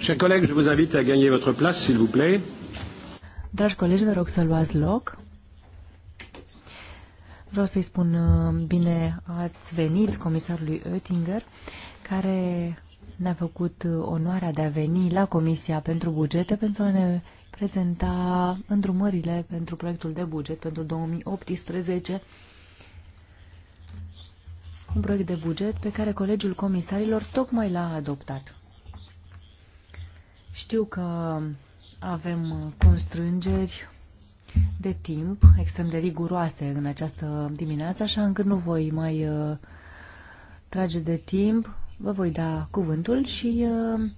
Chers collègues, je vous invite à gagner votre place, s'il vous plaît. Dragi colegi, vă rog să luați loc. Vreau să-i spun uh, bine ați venit comisarului Oettinger, care ne-a făcut uh, onoarea de a veni la Comisia pentru Bugete pentru a ne prezenta îndrumările pentru proiectul de buget pentru 2018 un proiect de buget pe care Colegiul Comisarilor tocmai l-a adoptat. Știu că avem constrângeri de timp extrem de riguroase în această dimineață, așa încât nu voi mai uh, trage de timp. Vă voi da cuvântul și uh,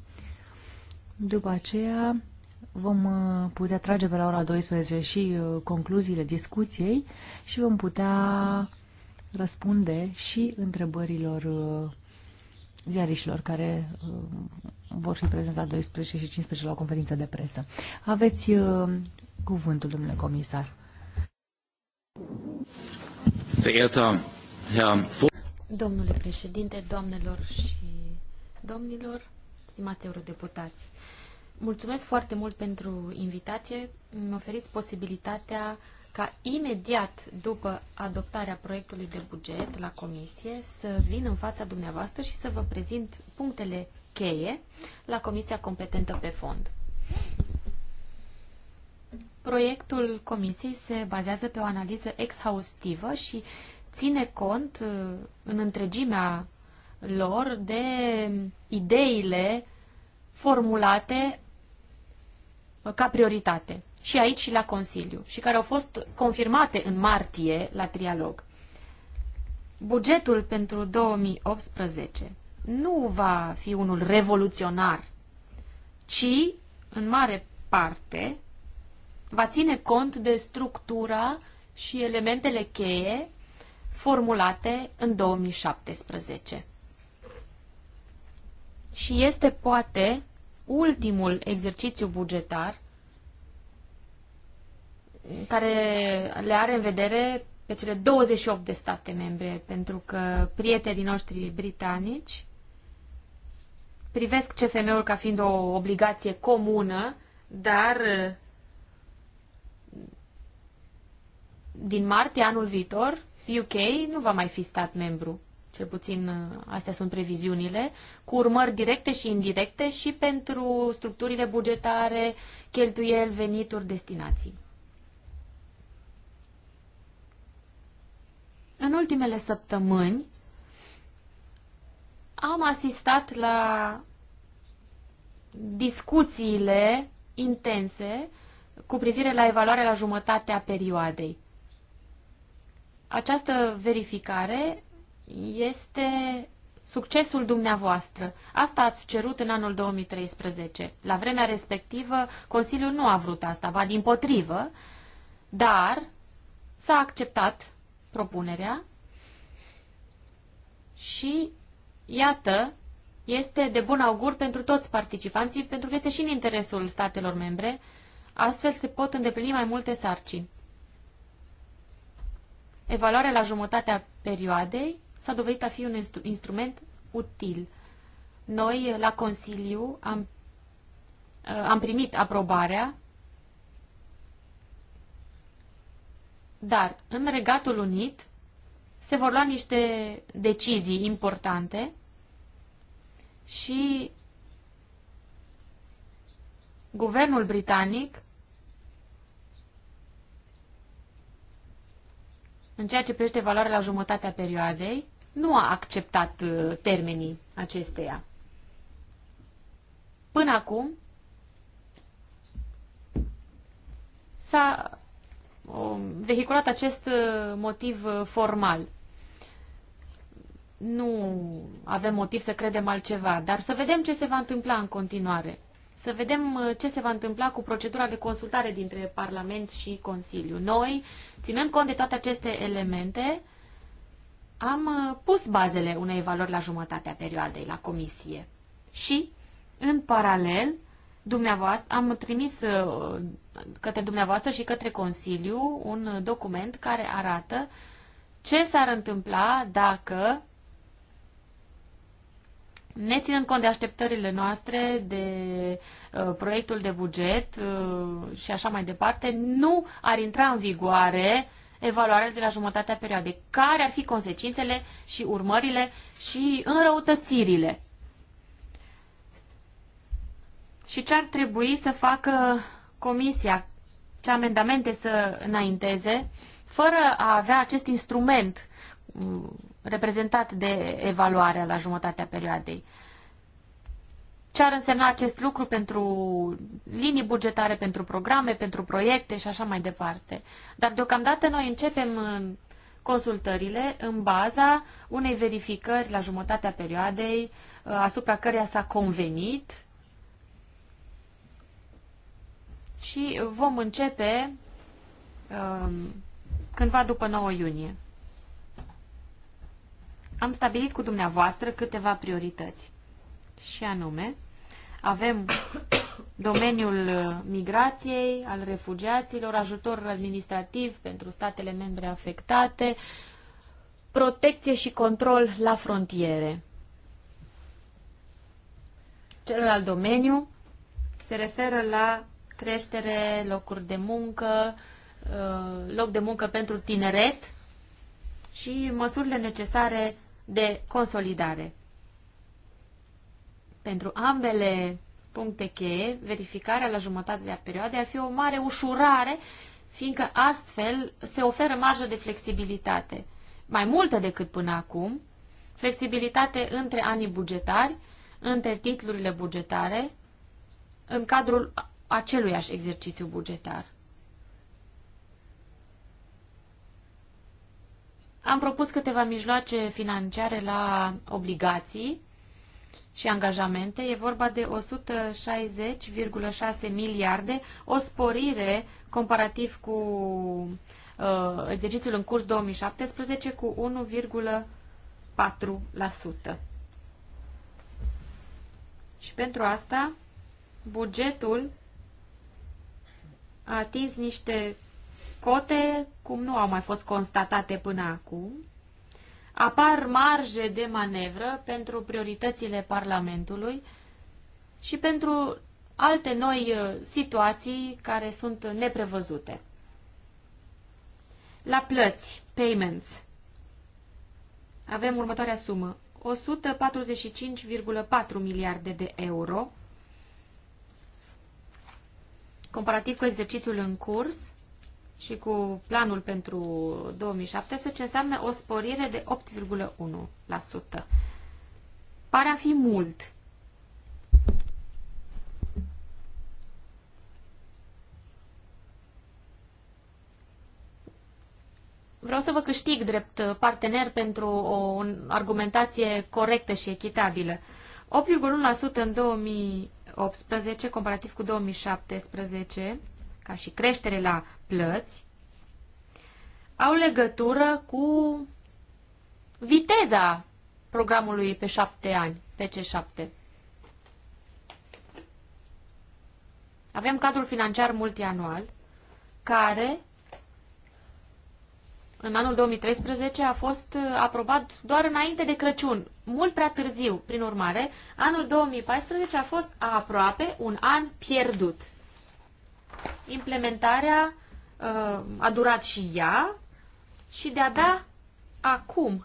după aceea vom uh, putea trage pe la ora 12 și concluziile discuției și vom putea răspunde și întrebărilor ziariștilor care uh, vor fi prezentat 12 și 15 la o conferință de presă. Aveți uh, cuvântul, domnule comisar. Domnule președinte, doamnelor și domnilor, stimați eurodeputați, mulțumesc foarte mult pentru invitație. Îmi oferiți posibilitatea ca imediat după adoptarea proiectului de buget la comisie să vin în fața dumneavoastră și să vă prezint punctele cheie la comisia competentă pe fond. Proiectul comisiei se bazează pe o analiză exhaustivă și ține cont uh, în întregimea lor de ideile formulate ca prioritate și aici și la Consiliu și care au fost confirmate în martie la trialog. Bugetul pentru 2018 nu va fi unul revoluționar, ci, în mare parte, va ține cont de structura și elementele cheie formulate în 2017. Și este poate ultimul exercițiu bugetar care le are în vedere pe cele 28 de state membre, pentru că prietenii noștri britanici privesc CFM-ul ca fiind o obligație comună, dar din martie anul viitor, UK nu va mai fi stat membru. Cel puțin astea sunt previziunile, cu urmări directe și indirecte și pentru structurile bugetare, cheltuieli, venituri, destinații. În ultimele săptămâni am asistat la discuțiile intense cu privire la evaluarea la jumătatea perioadei. Această verificare este succesul dumneavoastră. Asta ați cerut în anul 2013. La vremea respectivă, Consiliul nu a vrut asta, ba din potrivă, dar s-a acceptat propunerea și, iată, este de bun augur pentru toți participanții, pentru că este și în interesul statelor membre, astfel se pot îndeplini mai multe sarcini. Evaluarea la jumătatea perioadei s-a dovedit a fi un instrument util. Noi, la Consiliu, am, am primit aprobarea Dar în Regatul Unit se vor lua niște decizii importante și guvernul britanic în ceea ce privește valoarea la jumătatea perioadei, nu a acceptat uh, termenii acesteia. Până acum s-a Um, vehiculat acest uh, motiv uh, formal. Nu avem motiv să credem altceva, dar să vedem ce se va întâmpla în continuare. Să vedem uh, ce se va întâmpla cu procedura de consultare dintre Parlament și Consiliu. Noi, ținând cont de toate aceste elemente, am pus bazele unei valori la jumătatea perioadei la Comisie. Și, în paralel, dumneavoastră, am trimis uh, către dumneavoastră și către Consiliu un document care arată ce s-ar întâmpla dacă, ne ținând cont de așteptările noastre, de uh, proiectul de buget uh, și așa mai departe, nu ar intra în vigoare evaluarea de la jumătatea perioadei. Care ar fi consecințele și urmările și înrăutățirile și ce ar trebui să facă comisia, ce amendamente să înainteze, fără a avea acest instrument mm, reprezentat de evaluarea la jumătatea perioadei. Ce ar însemna acest lucru pentru linii bugetare, pentru programe, pentru proiecte și așa mai departe. Dar deocamdată noi începem consultările în baza unei verificări la jumătatea perioadei uh, asupra căreia s-a convenit și vom începe um, cândva după 9 iunie. Am stabilit cu dumneavoastră câteva priorități și anume avem domeniul uh, migrației, al refugiaților, ajutor administrativ pentru statele membre afectate, protecție și control la frontiere. Celălalt domeniu se referă la creștere, locuri de muncă, uh, loc de muncă pentru tineret și măsurile necesare de consolidare. Pentru ambele puncte cheie, verificarea la jumătatea perioadei ar fi o mare ușurare, fiindcă astfel se oferă marjă de flexibilitate, mai multă decât până acum, flexibilitate între anii bugetari, între titlurile bugetare, în cadrul aceluiași exercițiu bugetar. Am propus câteva mijloace financiare la obligații și angajamente. E vorba de 160,6 miliarde, o sporire comparativ cu uh, exercițiul în curs 2017 cu 1,4%. Și pentru asta, bugetul a atins niște cote cum nu au mai fost constatate până acum. Apar marje de manevră pentru prioritățile Parlamentului și pentru alte noi uh, situații care sunt neprevăzute. La plăți, payments, avem următoarea sumă, 145,4 miliarde de euro, comparativ cu exercițiul în curs și cu planul pentru 2017, înseamnă o sporire de 8,1%. Pare a fi mult. Vreau să vă câștig drept partener pentru o argumentație corectă și echitabilă. 8,1% în 2000 2018, comparativ cu 2017, ca și creștere la plăți, au legătură cu viteza programului pe șapte ani, PC7. Avem cadrul financiar multianual, care în anul 2013 a fost uh, aprobat doar înainte de Crăciun, mult prea târziu. Prin urmare, anul 2014 a fost aproape un an pierdut. Implementarea uh, a durat și ea și de-abia da, acum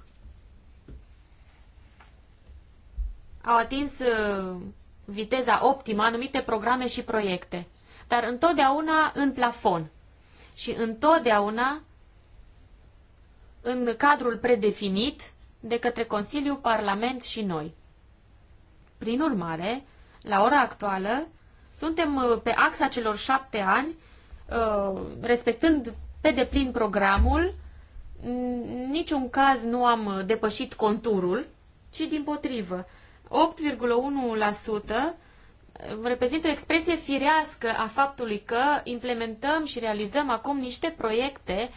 au atins uh, viteza optimă anumite programe și proiecte, dar întotdeauna în plafon. Și întotdeauna în cadrul predefinit de către Consiliu, Parlament și noi. Prin urmare, la ora actuală, suntem uh, pe axa celor șapte ani, uh, respectând pe deplin programul, niciun caz nu am uh, depășit conturul, ci din potrivă. 8,1% reprezintă o expresie firească a faptului că implementăm și realizăm acum niște proiecte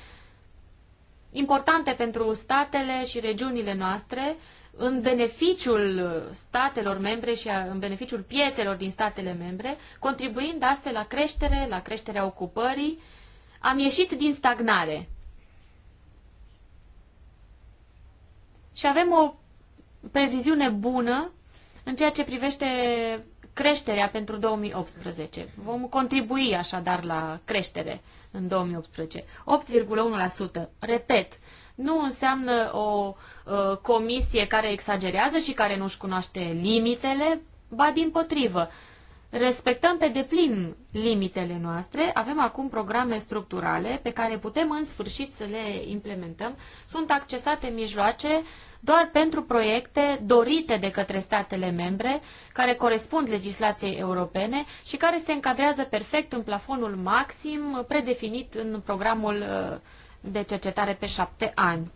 importante pentru statele și regiunile noastre, în beneficiul statelor membre și în beneficiul piețelor din statele membre, contribuind astfel la creștere, la creșterea ocupării. Am ieșit din stagnare. Și avem o previziune bună în ceea ce privește creșterea pentru 2018. Vom contribui așadar la creștere în 2018. 8,1%. Repet, nu înseamnă o uh, comisie care exagerează și care nu-și cunoaște limitele, ba din potrivă respectăm pe deplin limitele noastre, avem acum programe structurale pe care putem în sfârșit să le implementăm, sunt accesate mijloace doar pentru proiecte dorite de către statele membre, care corespund legislației europene și care se încadrează perfect în plafonul maxim predefinit în programul uh, de cercetare pe șapte ani.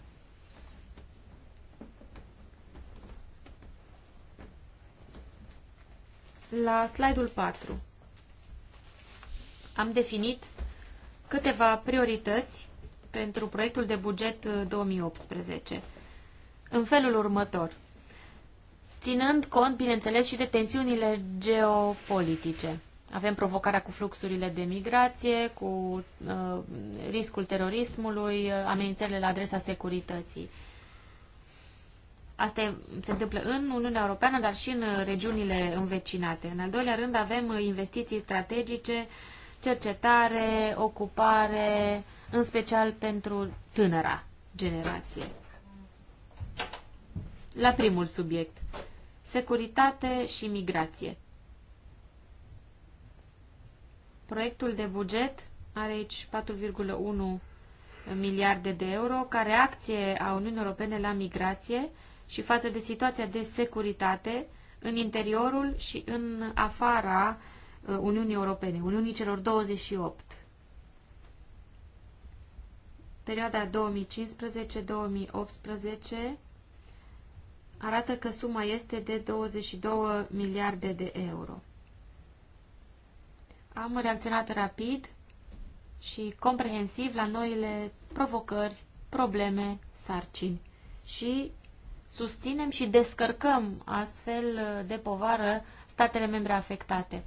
La slide-ul 4 am definit câteva priorități pentru proiectul de buget 2018 uh, în felul următor, ținând cont, bineînțeles, și de tensiunile geopolitice. Avem provocarea cu fluxurile de migrație, cu uh, riscul terorismului, uh, amenințările la adresa securității. Uh, Asta e, se întâmplă în Uniunea Europeană, dar și în uh, regiunile învecinate. În al doilea rând avem uh, investiții strategice, cercetare, ocupare, în special pentru tânăra generație. La primul subiect, securitate și migrație. Proiectul de buget are aici 4,1 miliarde de euro ca reacție a Uniunii Europene la migrație și față de situația de securitate în interiorul și în afara uh, Uniunii Europene, Uniunii celor 28. Perioada 2015-2018 arată că suma este de 22 miliarde de euro. Am reacționat rapid și comprehensiv la noile provocări, probleme, sarcini și susținem și descărcăm astfel uh, de povară statele membre afectate.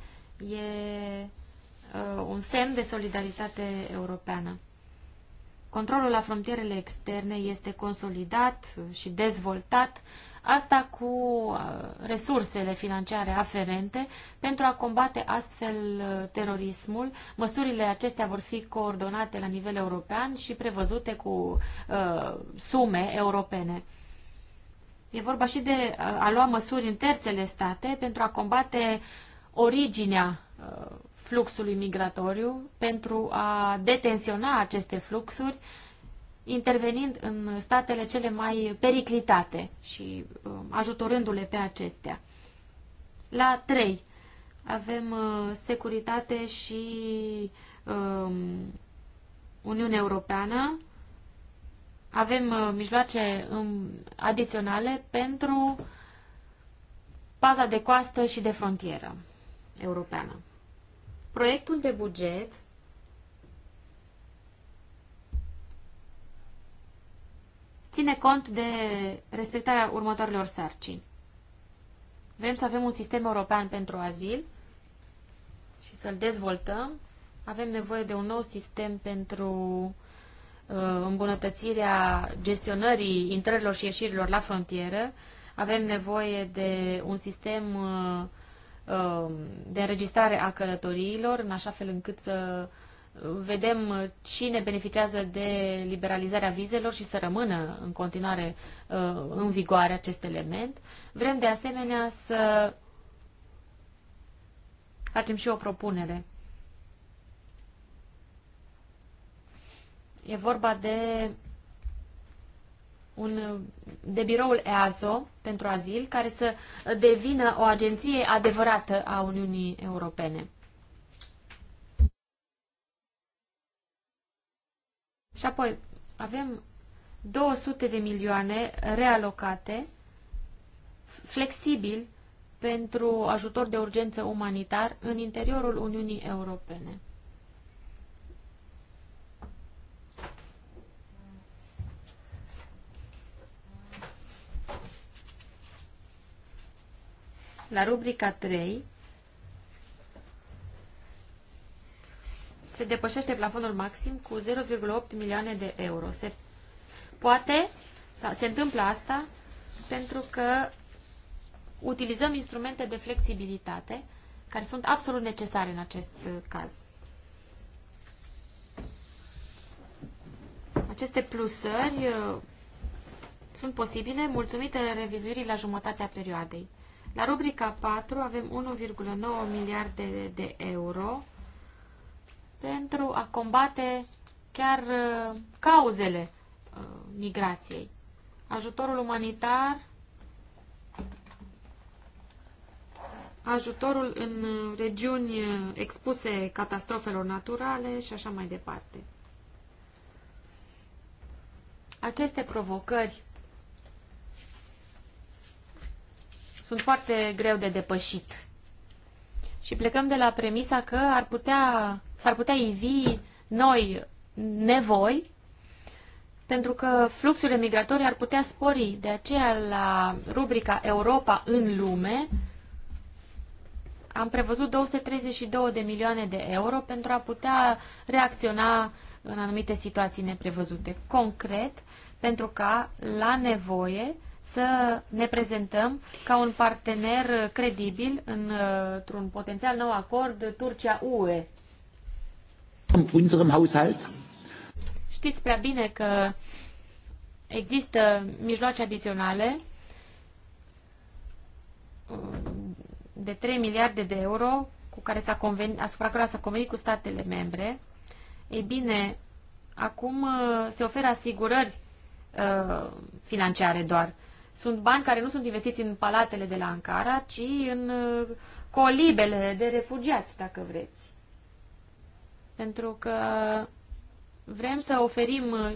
E uh, un semn de solidaritate europeană. Controlul la frontierele externe este consolidat uh, și dezvoltat, asta cu resursele financiare aferente pentru a combate astfel terorismul. Măsurile acestea vor fi coordonate la nivel european și prevăzute cu uh, sume europene. E vorba și de uh, a lua măsuri în terțele state pentru a combate originea uh, fluxului migratoriu, pentru a detensiona aceste fluxuri, intervenind în statele cele mai periclitate și um, ajutorându-le pe acestea. La 3 avem uh, securitate și um, Uniunea Europeană, avem uh, mijloace um, adiționale pentru paza de coastă și de frontieră europeană. Proiectul de buget ține cont de respectarea următoarelor sarcini. Vrem să avem un sistem european pentru azil și să-l dezvoltăm. Avem nevoie de un nou sistem pentru Uh, îmbunătățirea gestionării intrărilor și ieșirilor la frontieră. Avem nevoie de un sistem uh, uh, de înregistrare a călătoriilor, în așa fel încât să vedem cine beneficiază de liberalizarea vizelor și să rămână în continuare în vigoare acest element. Vrem de asemenea să facem și o propunere E vorba de, un, de biroul EASO pentru azil, care să devină o agenție adevărată a Uniunii Europene. Și apoi avem 200 de milioane realocate, flexibil, pentru ajutor de urgență umanitar în interiorul Uniunii Europene. La rubrica 3 se depășește plafonul maxim cu 0,8 milioane de euro. Se poate, sau se întâmplă asta pentru că utilizăm instrumente de flexibilitate care sunt absolut necesare în acest uh, caz. Aceste plusări uh, sunt posibile mulțumită revizuirii la jumătatea perioadei. La rubrica 4 avem 1,9 miliarde de euro pentru a combate chiar uh, cauzele uh, migrației. Ajutorul umanitar, ajutorul în uh, regiuni expuse catastrofelor naturale și așa mai departe. Aceste provocări sunt foarte greu de depășit. Și plecăm de la premisa că ar putea, s-ar putea ivi noi nevoi, pentru că fluxurile migratorii ar putea spori. De aceea, la rubrica Europa în lume, am prevăzut 232 de milioane de euro pentru a putea reacționa în anumite situații neprevăzute. Concret, pentru ca, la nevoie, să ne prezentăm ca un partener credibil într-un potențial nou acord Turcia-UE. Știți prea bine că există mijloace adiționale um, de 3 miliarde de euro cu care s-a convenit, asupra care s-a convenit cu statele membre. Ei bine, acum uh, se oferă asigurări uh, financiare doar. Sunt bani care nu sunt investiți în palatele de la Ankara, ci în uh, colibele de refugiați, dacă vreți. Pentru că vrem să oferim uh,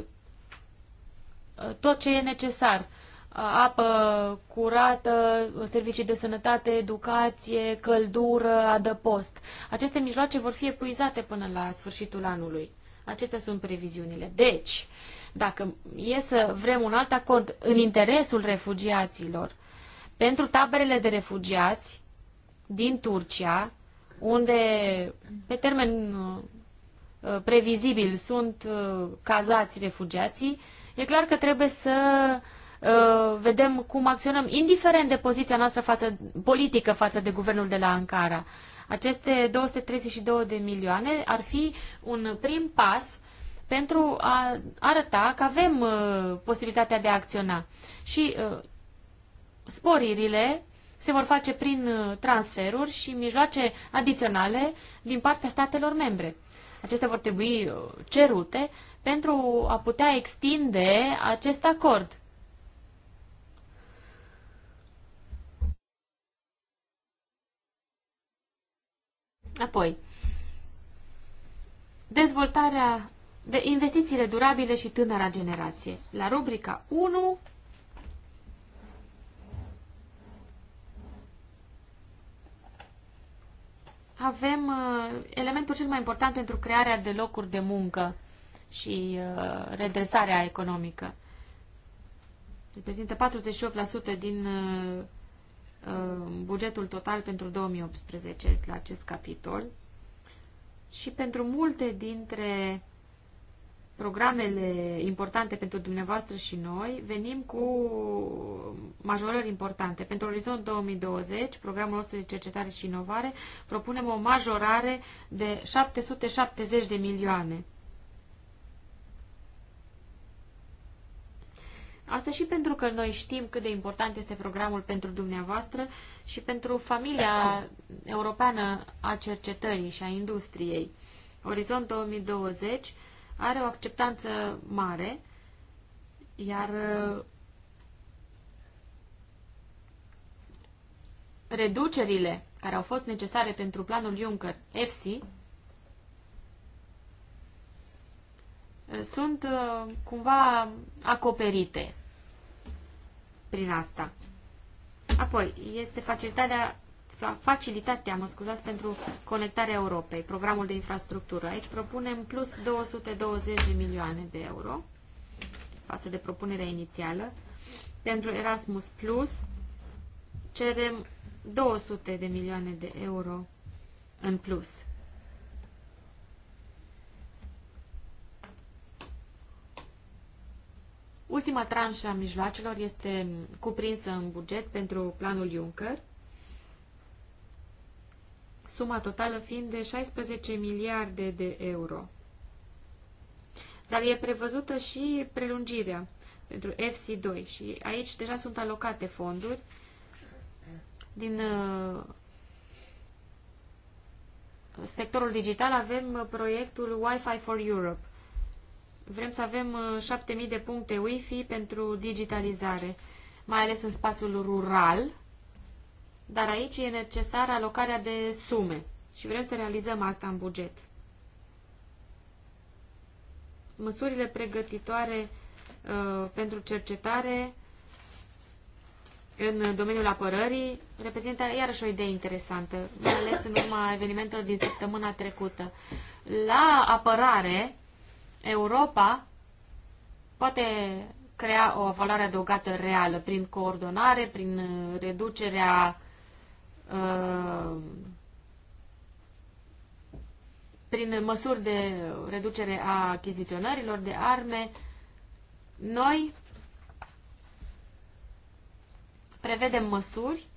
uh, tot ce e necesar. Apă curată, servicii de sănătate, educație, căldură, adăpost. Aceste mijloace vor fi epuizate până la sfârșitul anului. Acestea sunt previziunile. Deci, uh, dacă e să vrem un alt acord în interesul refugiaților, pentru taberele de refugiați din Turcia, unde pe termen uh, uh, previzibil sunt uh, cazați refugiații, e clar că trebuie să vedem cum acționăm, indiferent de poziția noastră față, politică față de guvernul de la Ankara. Aceste 232 de milioane ar fi un prim pas pentru a arăta că avem uh, posibilitatea de a acționa. Și uh, sporirile se vor face prin uh, transferuri și mijloace adiționale din partea statelor membre. Acestea vor trebui cerute pentru a putea extinde acest acord. Apoi, dezvoltarea de investițiile durabile și tânăra generație. La rubrica 1 avem uh, elementul cel mai important pentru crearea de locuri de muncă și uh, redresarea economică. Reprezintă 48% din uh, uh, bugetul total pentru 2018 la acest capitol. Și pentru multe dintre programele importante pentru dumneavoastră și noi, venim cu majorări importante. Pentru Orizont 2020, programul nostru de cercetare și inovare, propunem o majorare de 770 de milioane. Asta și pentru că noi știm cât de important este programul pentru dumneavoastră și pentru familia europeană a cercetării și a industriei. Orizont 2020 are o acceptanță mare, iar uh, reducerile care au fost necesare pentru planul Juncker, EFSI, uh, sunt uh, cumva acoperite prin asta. Apoi, este facilitatea facilitatea, mă scuzați, pentru conectarea Europei, programul de infrastructură. Aici propunem plus 220 de milioane de euro față de propunerea inițială. Pentru Erasmus Plus cerem 200 de milioane de euro în plus. Ultima tranșă a mijloacelor este cuprinsă în buget pentru planul Juncker suma totală fiind de 16 miliarde de euro. Dar e prevăzută și prelungirea pentru FC2 și aici deja sunt alocate fonduri din uh, sectorul digital avem uh, proiectul Wi-Fi for Europe. Vrem să avem 7000 uh, de puncte Wi-Fi pentru digitalizare, mai ales în spațiul rural, dar aici e necesară alocarea de sume și vrem să realizăm asta în buget. Măsurile pregătitoare uh, pentru cercetare în domeniul apărării reprezintă iarăși o idee interesantă, mai ales în urma evenimentelor din săptămâna trecută. La apărare, Europa poate crea o valoare adăugată reală prin coordonare, prin reducerea Uh, prin măsuri de reducere a achiziționărilor de arme, noi prevedem măsuri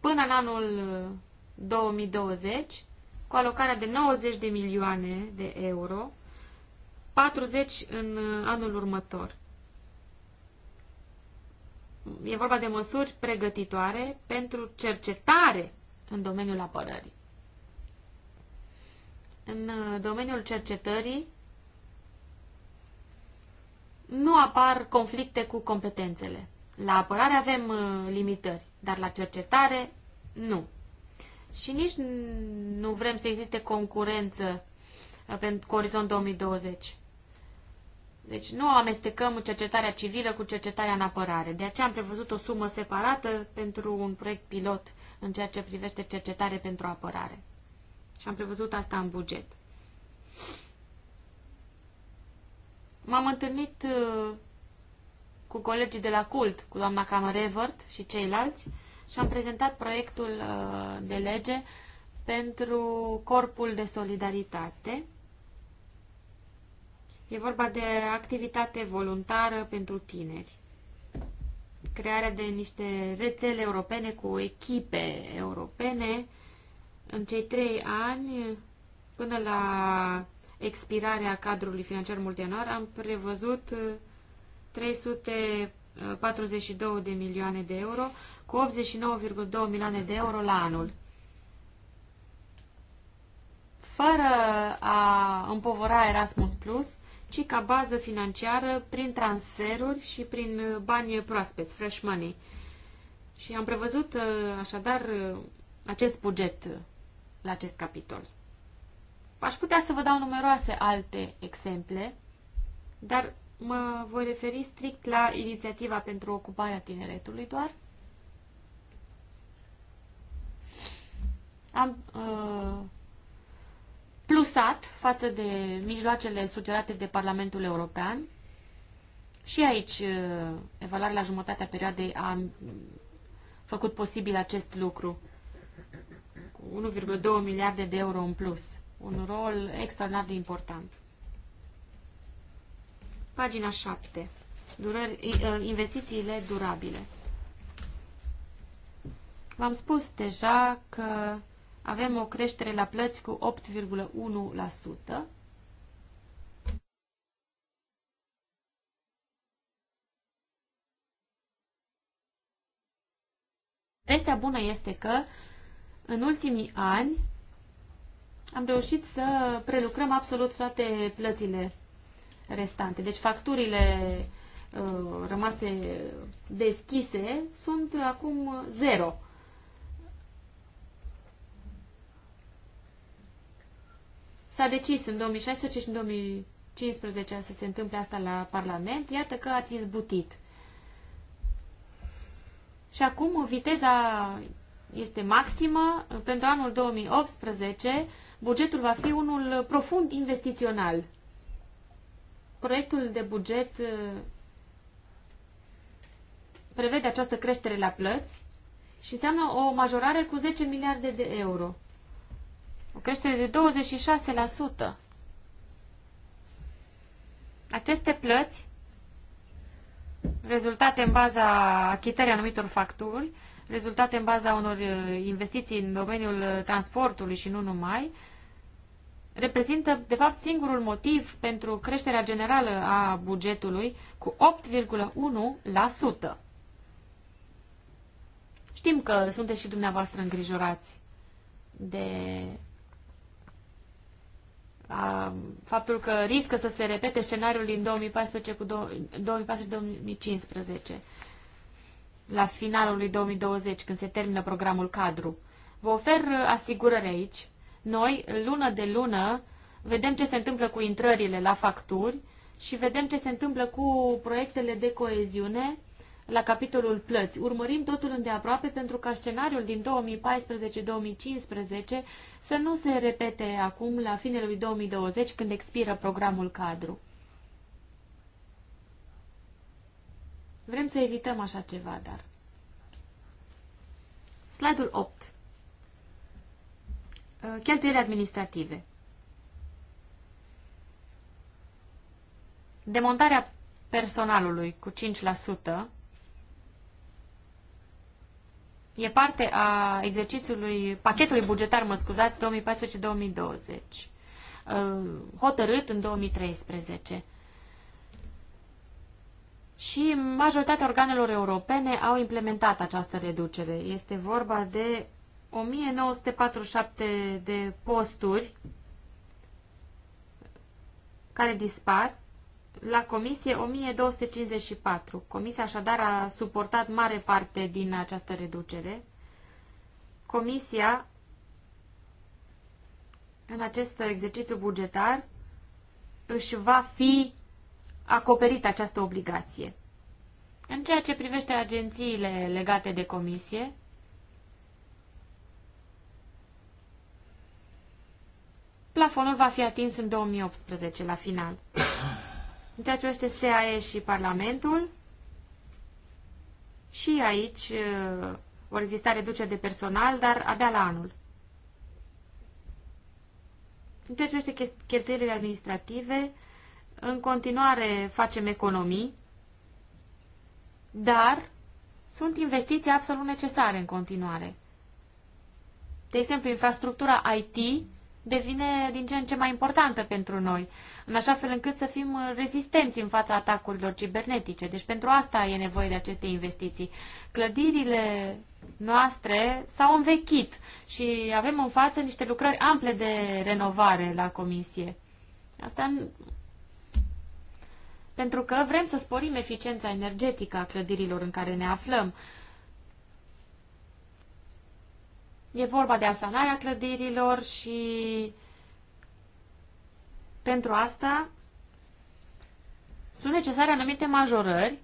până în anul 2020 cu alocarea de 90 de milioane de euro, 40 în anul următor. E vorba de măsuri pregătitoare pentru cercetare în domeniul apărării. În uh, domeniul cercetării nu apar conflicte cu competențele. La apărare avem uh, limitări, dar la cercetare nu. Și nici nu vrem să existe concurență uh, pentru Orizont 2020. Deci nu amestecăm cercetarea civilă cu cercetarea în apărare. De aceea am prevăzut o sumă separată pentru un proiect pilot în ceea ce privește cercetare pentru apărare. Și am prevăzut asta în buget. M-am întâlnit uh, cu colegii de la CULT, cu doamna Camerevert și ceilalți, și am prezentat proiectul uh, de lege pentru Corpul de Solidaritate, E vorba de activitate voluntară pentru tineri. Crearea de niște rețele europene cu echipe europene în cei trei ani până la expirarea cadrului financiar multianual am prevăzut 342 de milioane de euro cu 89,2 milioane de euro la anul. Fără a împovora Erasmus Plus, ci ca bază financiară prin transferuri și prin uh, bani proaspeți, fresh money. Și am prevăzut uh, așadar uh, acest buget la acest capitol. Aș putea să vă dau numeroase alte exemple, dar mă voi referi strict la inițiativa pentru ocuparea tineretului doar. Am uh, plusat față de mijloacele sugerate de Parlamentul European. Și aici, uh, evaluarea la jumătatea perioadei a făcut posibil acest lucru. 1,2 miliarde de euro în plus. Un rol extraordinar de important. Pagina 7. Durări, uh, investițiile durabile. V-am spus deja că avem o creștere la plăți cu 8,1%. Vestea bună este că în ultimii ani am reușit să prelucrăm absolut toate plățile restante. Deci facturile uh, rămase deschise sunt acum zero. S-a decis în 2016 și în 2015 să se întâmple asta la Parlament. Iată că ați izbutit. Și acum viteza este maximă. Pentru anul 2018 bugetul va fi unul profund investițional. Proiectul de buget uh, prevede această creștere la plăți și înseamnă o majorare cu 10 miliarde de euro. O creștere de 26%. Aceste plăți, rezultate în baza achitării anumitor facturi, rezultate în baza unor uh, investiții în domeniul uh, transportului și nu numai, reprezintă, de fapt, singurul motiv pentru creșterea generală a bugetului cu 8,1%. Știm că sunteți și dumneavoastră îngrijorați de faptul că riscă să se repete scenariul din 2014 cu 2014-2015 la finalul lui 2020, când se termină programul cadru. Vă ofer asigurări aici. Noi, lună de lună, vedem ce se întâmplă cu intrările la facturi și vedem ce se întâmplă cu proiectele de coeziune la capitolul plăți. Urmărim totul îndeaproape pentru ca scenariul din 2014-2015 să nu se repete acum la finele lui 2020 când expiră programul cadru. Vrem să evităm așa ceva, dar. Slide-ul 8. Uh, cheltuieli administrative. Demontarea personalului cu 5% E parte a exercițiului, pachetului bugetar, mă scuzați, 2014-2020, uh, hotărât în 2013. Și majoritatea organelor europene au implementat această reducere. Este vorba de 1947 de posturi care dispar la comisie 1254. Comisia așadar a suportat mare parte din această reducere. Comisia în acest exercițiu bugetar își va fi acoperită această obligație. În ceea ce privește agențiile legate de comisie, plafonul va fi atins în 2018, la final. În ceea ce este SAE și Parlamentul, și aici uh, vor exista reduceri de personal, dar abia la anul. În ceea ce este cheltuielile administrative, în continuare facem economii, dar sunt investiții absolut necesare în continuare. De exemplu, infrastructura IT devine din ce în ce mai importantă pentru noi, în așa fel încât să fim rezistenți în fața atacurilor cibernetice. Deci pentru asta e nevoie de aceste investiții. Clădirile noastre s-au învechit și avem în față niște lucrări ample de renovare la comisie. Asta pentru că vrem să sporim eficiența energetică a clădirilor în care ne aflăm. E vorba de asanarea clădirilor și pentru asta sunt necesare anumite majorări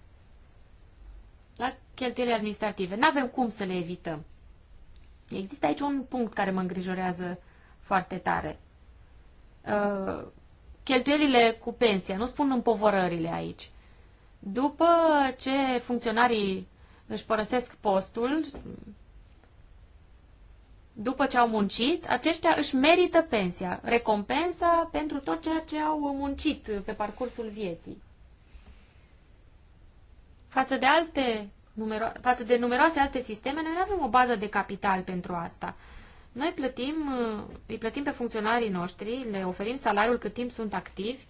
la cheltuielile administrative. Nu avem cum să le evităm. Există aici un punct care mă îngrijorează foarte tare. Uh, cheltuielile cu pensia, nu spun împovărările aici. După ce funcționarii își părăsesc postul, după ce au muncit, aceștia își merită pensia, recompensa pentru tot ceea ce au muncit pe parcursul vieții. Față de, alte, numero- față de numeroase alte sisteme, noi nu avem o bază de capital pentru asta. Noi plătim, uh, îi plătim pe funcționarii noștri, le oferim salariul cât timp sunt activi,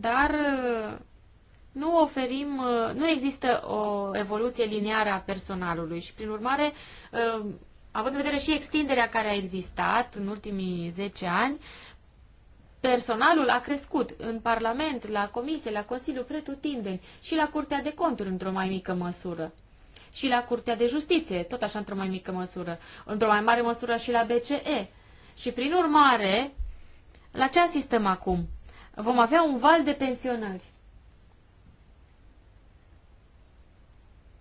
dar uh, nu oferim, uh, nu există o evoluție liniară a personalului și, prin urmare, uh, având în vedere și extinderea care a existat în ultimii 10 ani, personalul a crescut în Parlament, la Comisie, la Consiliul Pretutindeni și la Curtea de Conturi într-o mai mică măsură. Și la Curtea de Justiție, tot așa într-o mai mică măsură, într-o mai mare măsură și la BCE. Și prin urmare, la ce asistăm acum? Vom avea un val de pensionari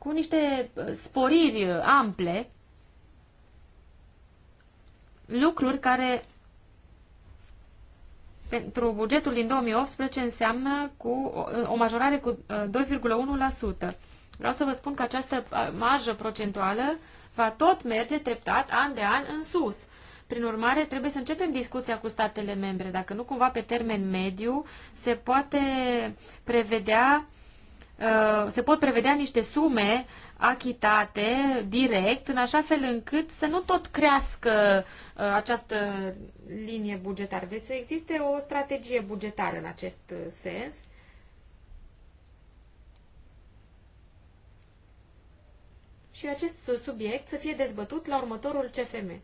cu niște uh, sporiri uh, ample, lucruri care pentru bugetul din 2018 înseamnă cu uh, o majorare cu 2,1%. Vreau să vă spun că această marjă procentuală va tot merge treptat, an de an, în sus. Prin urmare, trebuie să începem discuția cu statele membre. Dacă nu, cumva, pe termen mediu, se poate prevedea Uh, se pot prevedea niște sume achitate direct, în așa fel încât să nu tot crească uh, această linie bugetară. Deci să existe o strategie bugetară în acest uh, sens. Și acest subiect să fie dezbătut la următorul CFM.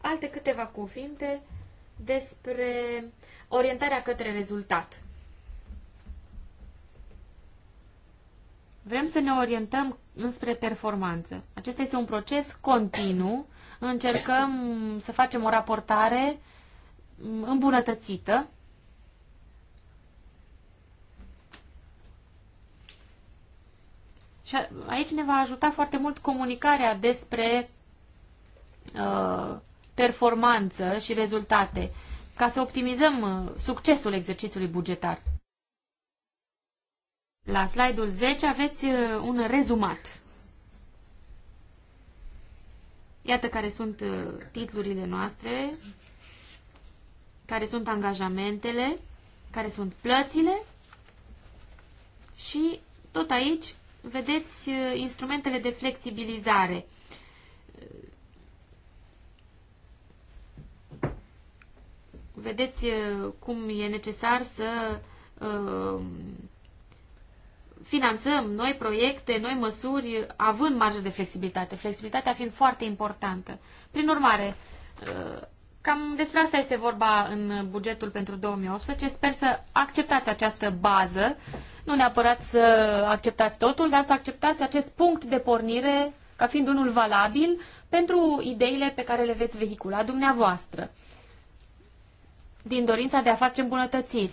Alte câteva cuvinte despre orientarea către rezultat Vrem să ne orientăm înspre performanță. Acesta este un proces continuu. Încercăm să facem o raportare îmbunătățită. Și aici ne va ajuta foarte mult comunicarea despre uh, performanță și rezultate, ca să optimizăm uh, succesul exercițiului bugetar. La slide-ul 10 aveți uh, un rezumat. Iată care sunt uh, titlurile noastre, care sunt angajamentele, care sunt plățile și tot aici vedeți uh, instrumentele de flexibilizare. Vedeți cum e necesar să finanțăm noi proiecte, noi măsuri, având marjă de flexibilitate, flexibilitatea fiind foarte importantă. Prin urmare, uh, cam despre asta este vorba în bugetul pentru 2018. Sper să acceptați această bază, nu neapărat să acceptați totul, dar să acceptați acest punct de pornire ca fiind unul valabil pentru ideile pe care le veți vehicula dumneavoastră din dorința de a face îmbunătățiri.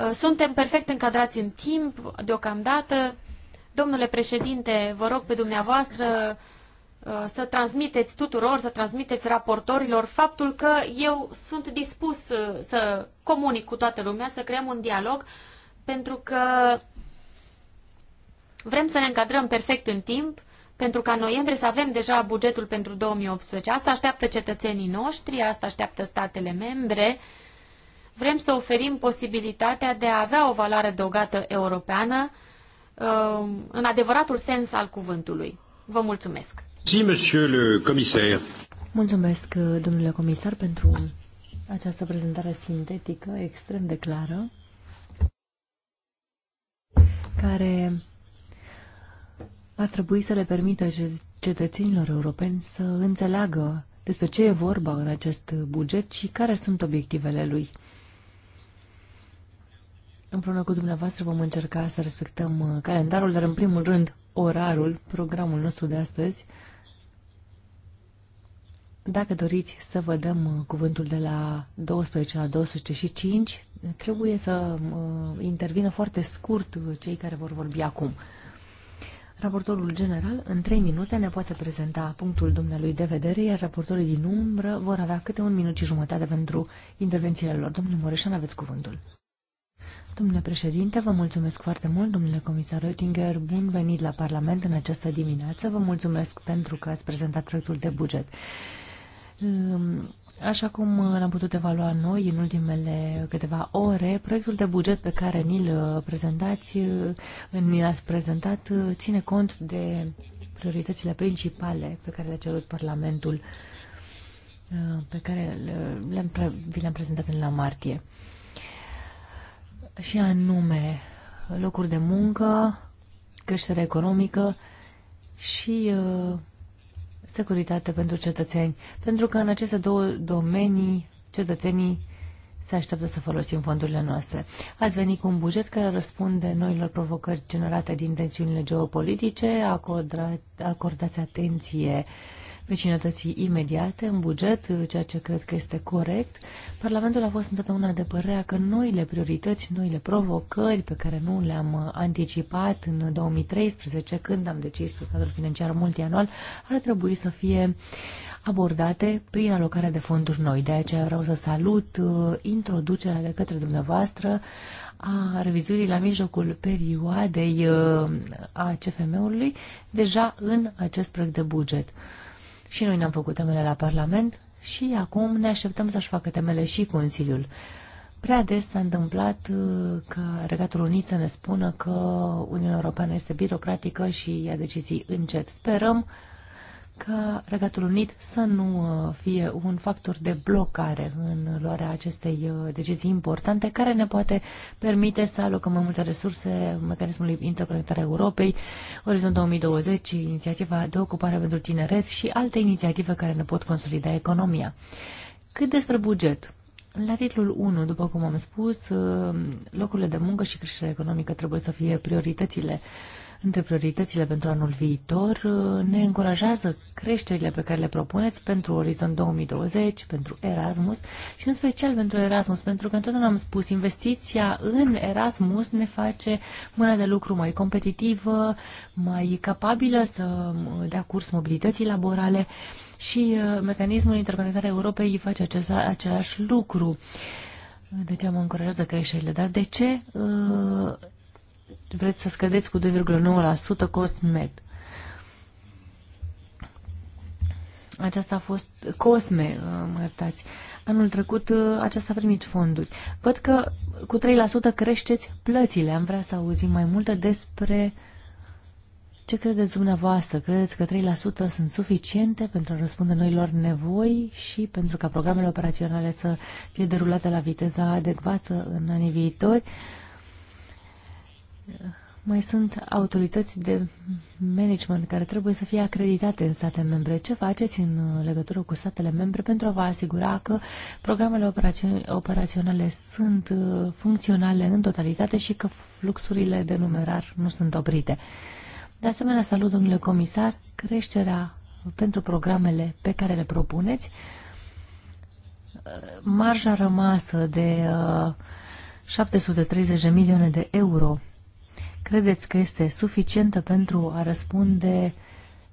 Uh, suntem perfect încadrați în timp, deocamdată. Domnule președinte, vă rog pe dumneavoastră uh, să transmiteți tuturor, să transmiteți raportorilor faptul că eu sunt dispus uh, să comunic cu toată lumea, să creăm un dialog, pentru că vrem să ne încadrăm perfect în timp, pentru ca în noiembrie să avem deja bugetul pentru 2018. Asta așteaptă cetățenii noștri, asta așteaptă statele membre, uh, Vrem să oferim posibilitatea de a avea o valoare adăugată europeană um, în adevăratul sens al cuvântului. Vă mulțumesc! Mulțumesc, domnule comisar, pentru această prezentare sintetică, extrem de clară, care ar trebui să le permită cetățenilor europeni să înțeleagă despre ce e vorba în acest buget și care sunt obiectivele lui. Împreună cu dumneavoastră vom încerca să respectăm uh, calendarul, dar în primul rând orarul, programul nostru de astăzi. Dacă doriți să vă dăm uh, cuvântul de la 12 la 12 și 5, trebuie să uh, intervină foarte scurt cei care vor vorbi acum. Raportorul general, în 3 minute, ne poate prezenta punctul dumnealui de vedere, iar raportorii din umbră vor avea câte un minut și jumătate pentru intervențiile lor. Domnule Mureșan, aveți cuvântul. Domnule președinte, vă mulțumesc foarte mult, domnule comisar Oettinger, bun venit la Parlament în această dimineață. Vă mulțumesc pentru că ați prezentat proiectul de buget. Ehm, așa cum l-am putut evalua noi în ultimele câteva ore, proiectul de buget pe care ni-l uh, prezentați, uh, ni l-ați prezentat, uh, ține cont de prioritățile principale pe care le-a cerut Parlamentul, pe care le-am, vi le-am prezentat în la martie și anume locuri de muncă, creștere economică și uh, securitate pentru cetățeni. Pentru că în aceste două domenii cetățenii se așteaptă să folosim fondurile noastre. Ați venit cu un buget care răspunde noilor provocări generate din tensiunile geopolitice, acordați atenție uh, vecinătății imediate în buget, ceea ce cred că este corect. Parlamentul a fost întotdeauna de părerea că noile priorități, noile provocări pe care nu le-am anticipat în 2013, când am decis cadrul financiar multianual, ar trebui să fie abordate prin alocarea de fonduri noi. De aceea vreau să salut uh, introducerea de către dumneavoastră a revizuirii la mijlocul perioadei uh, a CFM-ului deja în acest proiect de buget și noi ne-am făcut temele la Parlament și acum ne așteptăm să-și facă temele și Consiliul. Prea des s-a întâmplat uh, că Regatul Unit să ne spună că Uniunea Europeană este birocratică și ia decizii încet. Sperăm ca Regatul Unit să nu uh, fie un factor de blocare în luarea acestei uh, decizii importante, care ne poate permite să alocăm mai multe resurse mecanismului interconectare Europei, Orizont 2020, inițiativa de ocupare pentru tineret și alte inițiative care ne pot consolida economia. Cât despre buget, la titlul 1, după cum am spus, uh, locurile de muncă și creșterea economică trebuie să fie prioritățile uh, între prioritățile pentru anul viitor uh, ne încurajează creșterile pe care le propuneți pentru Orizont 2020, pentru Erasmus și în special pentru Erasmus, pentru că întotdeauna am spus, investiția în Erasmus ne face mâna de lucru mai competitivă, mai capabilă să uh, dea curs mobilității laborale și uh, mecanismul interconectare Europei face acest, același lucru. Deci am încurajat creșterile. Dar de ce vreți să scădeți cu 2,9% cost med. Aceasta a fost COSME, mă iertați. Anul trecut uh, aceasta a primit fonduri. Văd că cu 3% creșteți plățile. Am vrea să auzim mai multe despre ce credeți dumneavoastră. Credeți că 3% sunt suficiente pentru a răspunde noilor nevoi și pentru ca programele operaționale să fie derulate la viteza adecvată în anii viitori? Uh, mai sunt autorități de management care trebuie să fie acreditate în state membre. Ce faceți în legătură cu statele membre pentru a vă asigura că programele operaționale sunt uh, funcționale în totalitate și că fluxurile de numerar nu sunt oprite? De asemenea, salut, domnule comisar, creșterea pentru programele pe care le propuneți, marja rămasă de 730 uh, de milioane de euro credeți că este suficientă pentru a răspunde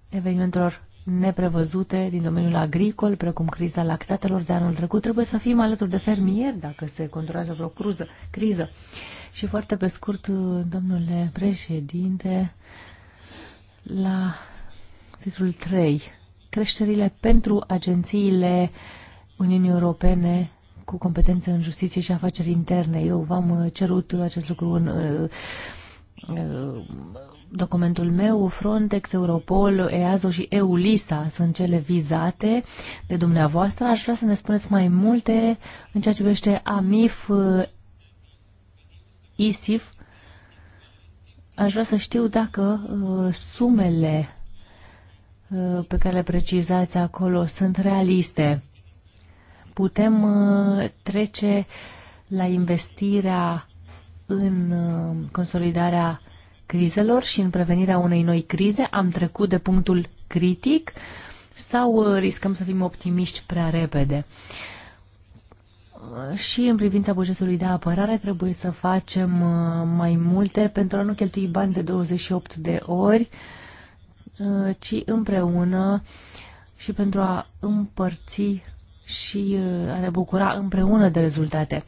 evenimentelor neprevăzute din domeniul agricol, precum criza lactatelor de anul trecut. Trebuie să fim alături de fermieri dacă se controlează vreo cruză, criză. Și foarte pe scurt, domnule președinte, la titlul 3, creșterile pentru agențiile Uniunii Europene cu competențe în justiție și afaceri interne. Eu v-am cerut acest lucru în Eh, documentul meu, Frontex, Europol, EASO și EULISA sunt cele vizate de dumneavoastră. Aș vrea să ne spuneți mai multe în ceea ce privește AMIF, eh, ISIF. Aș vrea să știu dacă eh, sumele pe care le precizați acolo sunt realiste. Putem trece la investirea în uh, consolidarea crizelor și în prevenirea unei noi crize? Am trecut de punctul critic sau uh, riscăm să fim optimiști prea repede? Uh, și în privința bugetului de apărare trebuie să facem mai multe pentru a nu cheltui bani de 28 de ori, ci împreună și pentru a împărți și a ne bucura împreună de rezultate.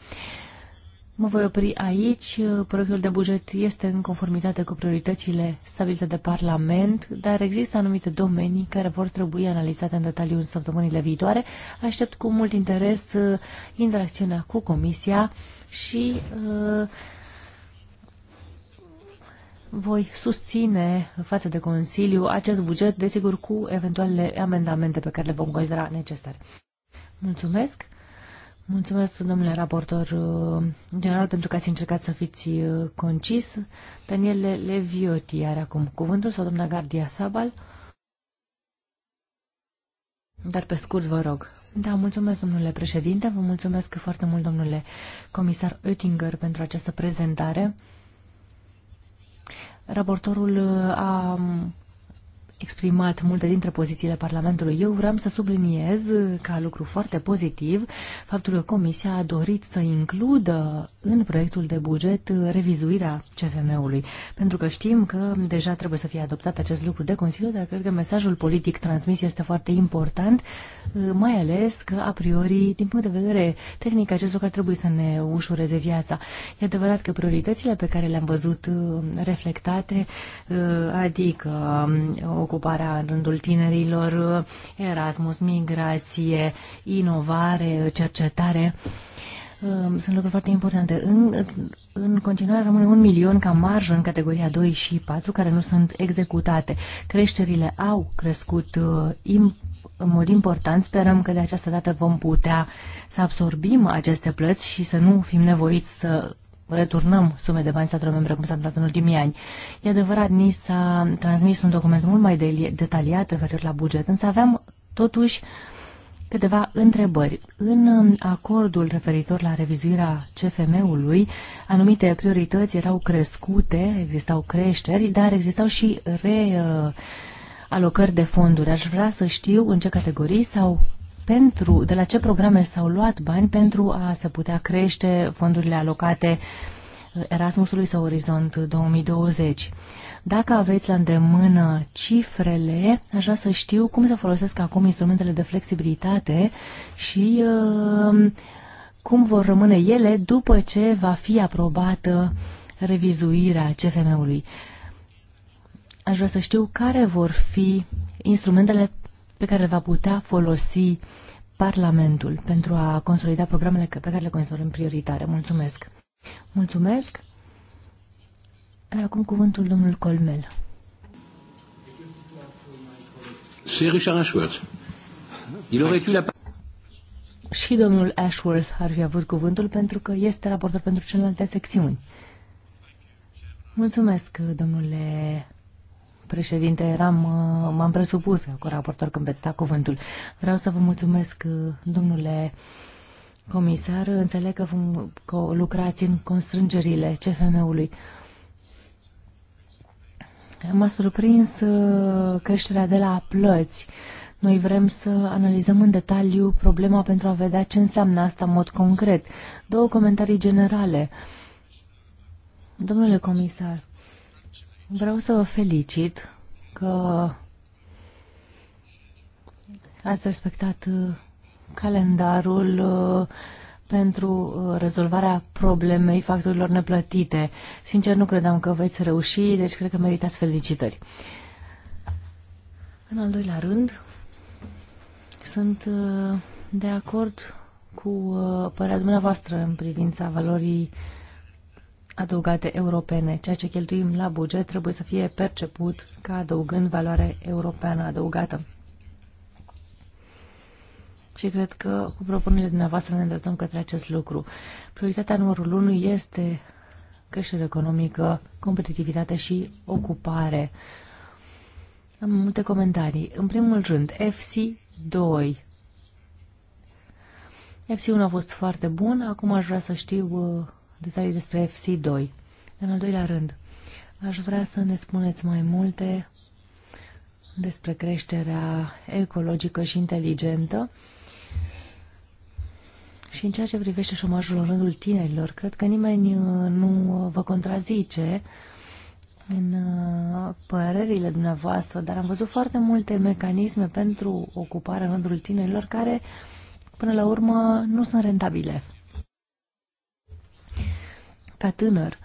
Mă voi opri aici. Proiectul de buget este în conformitate cu prioritățile stabilite de Parlament, dar există anumite domenii care vor trebui analizate în detaliu în săptămânile viitoare. Aștept cu mult interes uh, interacțiunea cu Comisia și uh, voi susține față de Consiliu acest buget, desigur, cu eventualele amendamente pe care le vom considera necesare. Mulțumesc! Mulțumesc, domnule raportor uh, general, pentru că ați încercat să fiți uh, concis. Daniel Levioti are acum cuvântul, sau doamna Gardia Sabal. Dar pe scurt, vă rog. Da, mulțumesc, domnule președinte, vă mulțumesc foarte mult, domnule comisar Oettinger, pentru această prezentare. Raportorul uh, a exprimat multe dintre pozițiile Parlamentului. Eu vreau să subliniez ca lucru foarte pozitiv faptul că Comisia a dorit să includă în proiectul de buget revizuirea CFM-ului, pentru că știm că deja trebuie să fie adoptat acest lucru de Consiliu, dar cred că mesajul politic transmis este foarte important, mai ales că a priori, din punct de vedere tehnic, acest lucru ar trebui să ne ușureze viața. E adevărat că prioritățile pe care le-am văzut uh, reflectate, uh, adică um, o ocuparea în rândul tinerilor, Erasmus, migrație, inovare, cercetare. Ehm, sunt lucruri foarte importante. În, în continuare rămâne un milion ca marjă în categoria 2 și 4 care nu sunt executate. Creșterile au crescut eh, în mod important. Sperăm că de această dată vom putea să absorbim aceste plăți și să nu fim nevoiți să returnăm sume de bani statelor membre, cum s-a întâmplat în ultimii ani. E adevărat, ni s-a transmis un document mult mai de detaliat referitor la buget, însă aveam totuși câteva întrebări. În um, acordul referitor la revizuirea CFM-ului, anumite priorități erau crescute, existau creșteri, dar existau și re uh, alocări de fonduri. Aș vrea să știu în ce categorii s-au pentru, de la ce programe s-au luat bani pentru a se putea crește fondurile alocate Erasmusului sau Orizont 2020. Dacă aveți la îndemână cifrele, aș vrea să știu cum se folosesc acum instrumentele de flexibilitate și uh, cum vor rămâne ele după ce va fi aprobată revizuirea CFM-ului. Aș vrea să știu care vor fi instrumentele pe care le va putea folosi Parlamentul pentru a consolida programele pe care le considerăm prioritare. Mulțumesc! Mulțumesc! Are acum cuvântul domnul Colmel. Richard Ashworth. la și domnul Ashworth ar fi avut cuvântul pentru că este raportor pentru celelalte secțiuni. Mulțumesc, domnule președinte, eram, uh, m-am presupus cu raportor când veți da cuvântul. Vreau să vă mulțumesc, uh, domnule comisar, înțeleg că, vom, că lucrați în constrângerile CFM-ului. M-a surprins uh, creșterea de la plăți. Noi vrem să analizăm în detaliu problema pentru a vedea ce înseamnă asta în mod concret. Două comentarii generale. Domnule comisar, Vreau să vă felicit că ați respectat uh, calendarul uh, pentru uh, rezolvarea problemei facturilor neplătite. Sincer, nu credeam că veți reuși, deci cred că meritați felicitări. În al doilea rând, sunt de acord cu părerea dumneavoastră în privința valorii uh, adăugate europene. Ceea ce cheltuim la buget trebuie să fie perceput ca adăugând valoare europeană adăugată. Și cred că cu propunerile dumneavoastră ne îndreptăm către acest lucru. Prioritatea numărul 1 este creștere economică, competitivitate și ocupare. Am multe comentarii. În primul rând, FC2. FC1 a fost foarte bun, acum aș vrea să știu uh, detalii despre FC2. În al doilea rând, aș vrea să ne spuneți mai multe despre creșterea ecologică și inteligentă și în ceea ce privește șomajul în rândul tinerilor. Cred că nimeni uh, nu uh, vă contrazice în uh, părerile dumneavoastră, dar am văzut foarte multe mecanisme pentru ocupare în rândul tinerilor care, până la urmă, nu sunt rentabile ca tânăr.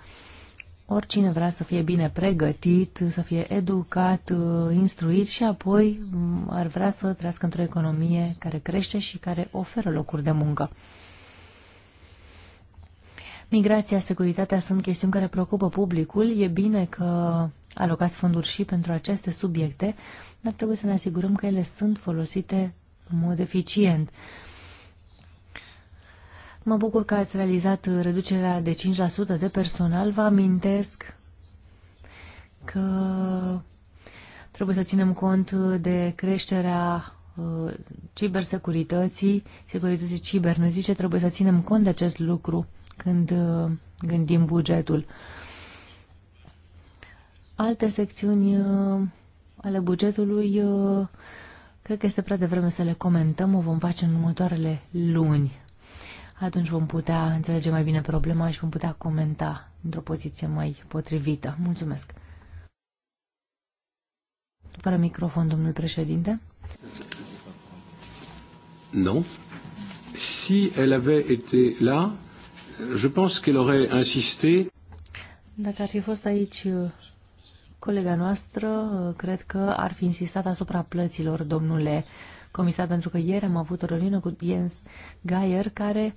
Oricine vrea să fie bine pregătit, să fie educat, uh, instruit și apoi mm, ar vrea să trăiască într-o economie care crește și care oferă locuri de muncă. Migrația, securitatea sunt chestiuni care preocupă publicul. E bine că alocați fonduri și pentru aceste subiecte, dar trebuie să ne asigurăm că ele sunt folosite în mod eficient. Mă bucur că ați realizat uh, reducerea de 5% de personal. Vă amintesc că trebuie să ținem cont uh, de creșterea uh, cibersecurității, securității cibernetice, trebuie să ținem cont de acest lucru când gândim bugetul. Alte secțiuni ale bugetului cred că este prea devreme să le comentăm, o vom face în următoarele luni atunci vom putea înțelege mai bine problema și vom putea comenta într-o poziție mai potrivită. Mulțumesc. Fără microfon, domnul președinte. Nu. Si elle avait été là, je pense qu'elle aurait insisté. Dacă ar fi fost aici uh, colega noastră, uh, cred că ar fi insistat asupra plăților, domnule comisar, pentru că ieri am avut o reuniune cu Jens Geier, care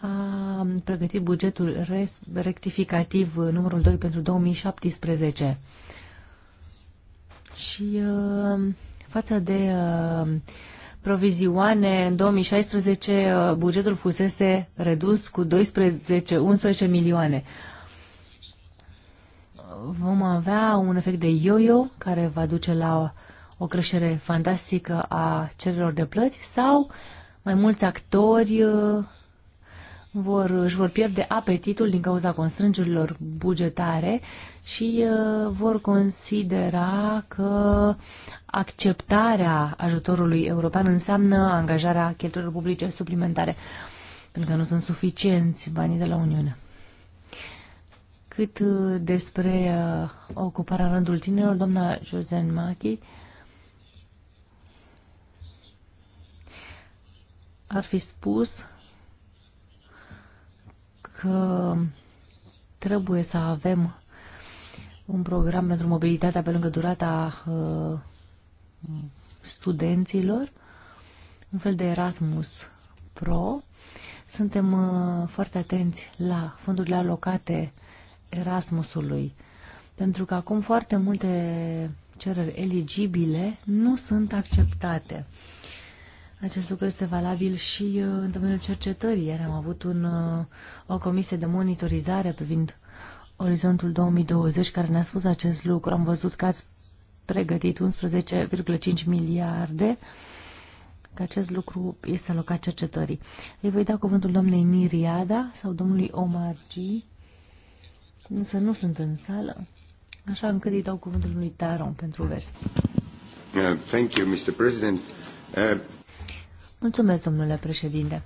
a pregătit bugetul rectificativ uh, numărul 2 pentru 2017. Și uh, față de uh, provizioane, în 2016 bugetul fusese redus cu 12-11 milioane. Vom avea un efect de yo-yo care va duce la o creștere fantastică a cererilor de plăți sau mai mulți actori uh, vor, își vor pierde apetitul din cauza constrângerilor bugetare și uh, vor considera că acceptarea ajutorului european înseamnă angajarea cheltuielor publice suplimentare, pentru că nu sunt suficienți banii de la Uniune. Cât uh, despre ocuparea rândul tinerilor, doamna Josen Machi, ar fi spus că trebuie să avem un program pentru mobilitatea pe lângă durata uh, studenților, un fel de Erasmus Pro. Suntem uh, foarte atenți la fondurile alocate Erasmusului, pentru că acum foarte multe cereri eligibile nu sunt acceptate. Uh, acest lucru este valabil și uh, în domeniul cercetării. Iar am avut un, uh, o comisie de monitorizare privind Orizontul 2020 care ne-a spus acest lucru. Am văzut că ați pregătit 11,5 miliarde, că acest lucru este alocat cercetării. Le voi da cuvântul doamnei Niriada sau domnului Omar G. Însă nu sunt în sală, așa încât îi dau cuvântul lui Taron pentru vers. Uh, thank you, Mr. President. Uh, Mulțumesc, domnule președinte.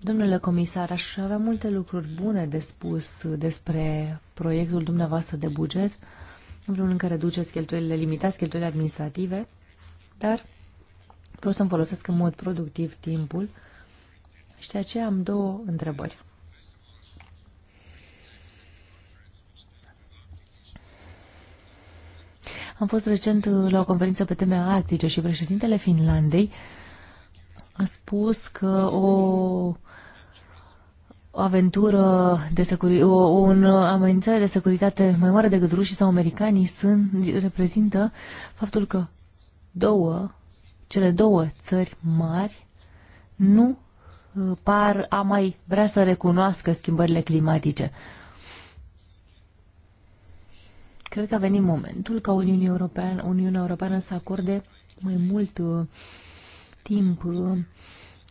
Domnule comisar, aș avea multe lucruri bune de spus despre proiectul dumneavoastră de buget, în primul rând că reduceți cheltuielile, limitați cheltuielile administrative, dar vreau să-mi folosesc în mod productiv timpul și de aceea am două întrebări. Am fost recent uh, la o conferință pe teme arctice și președintele Finlandei a spus că o aventură de securitate, o, o amenințare de securitate mai mare decât rușii sau americanii sunt, reprezintă faptul că două, cele două țări mari nu uh, par a mai vrea să recunoască schimbările climatice. Cred că a venit momentul ca Uniunea Europeană, Uniunea Europeană să acorde mai mult uh, timp uh,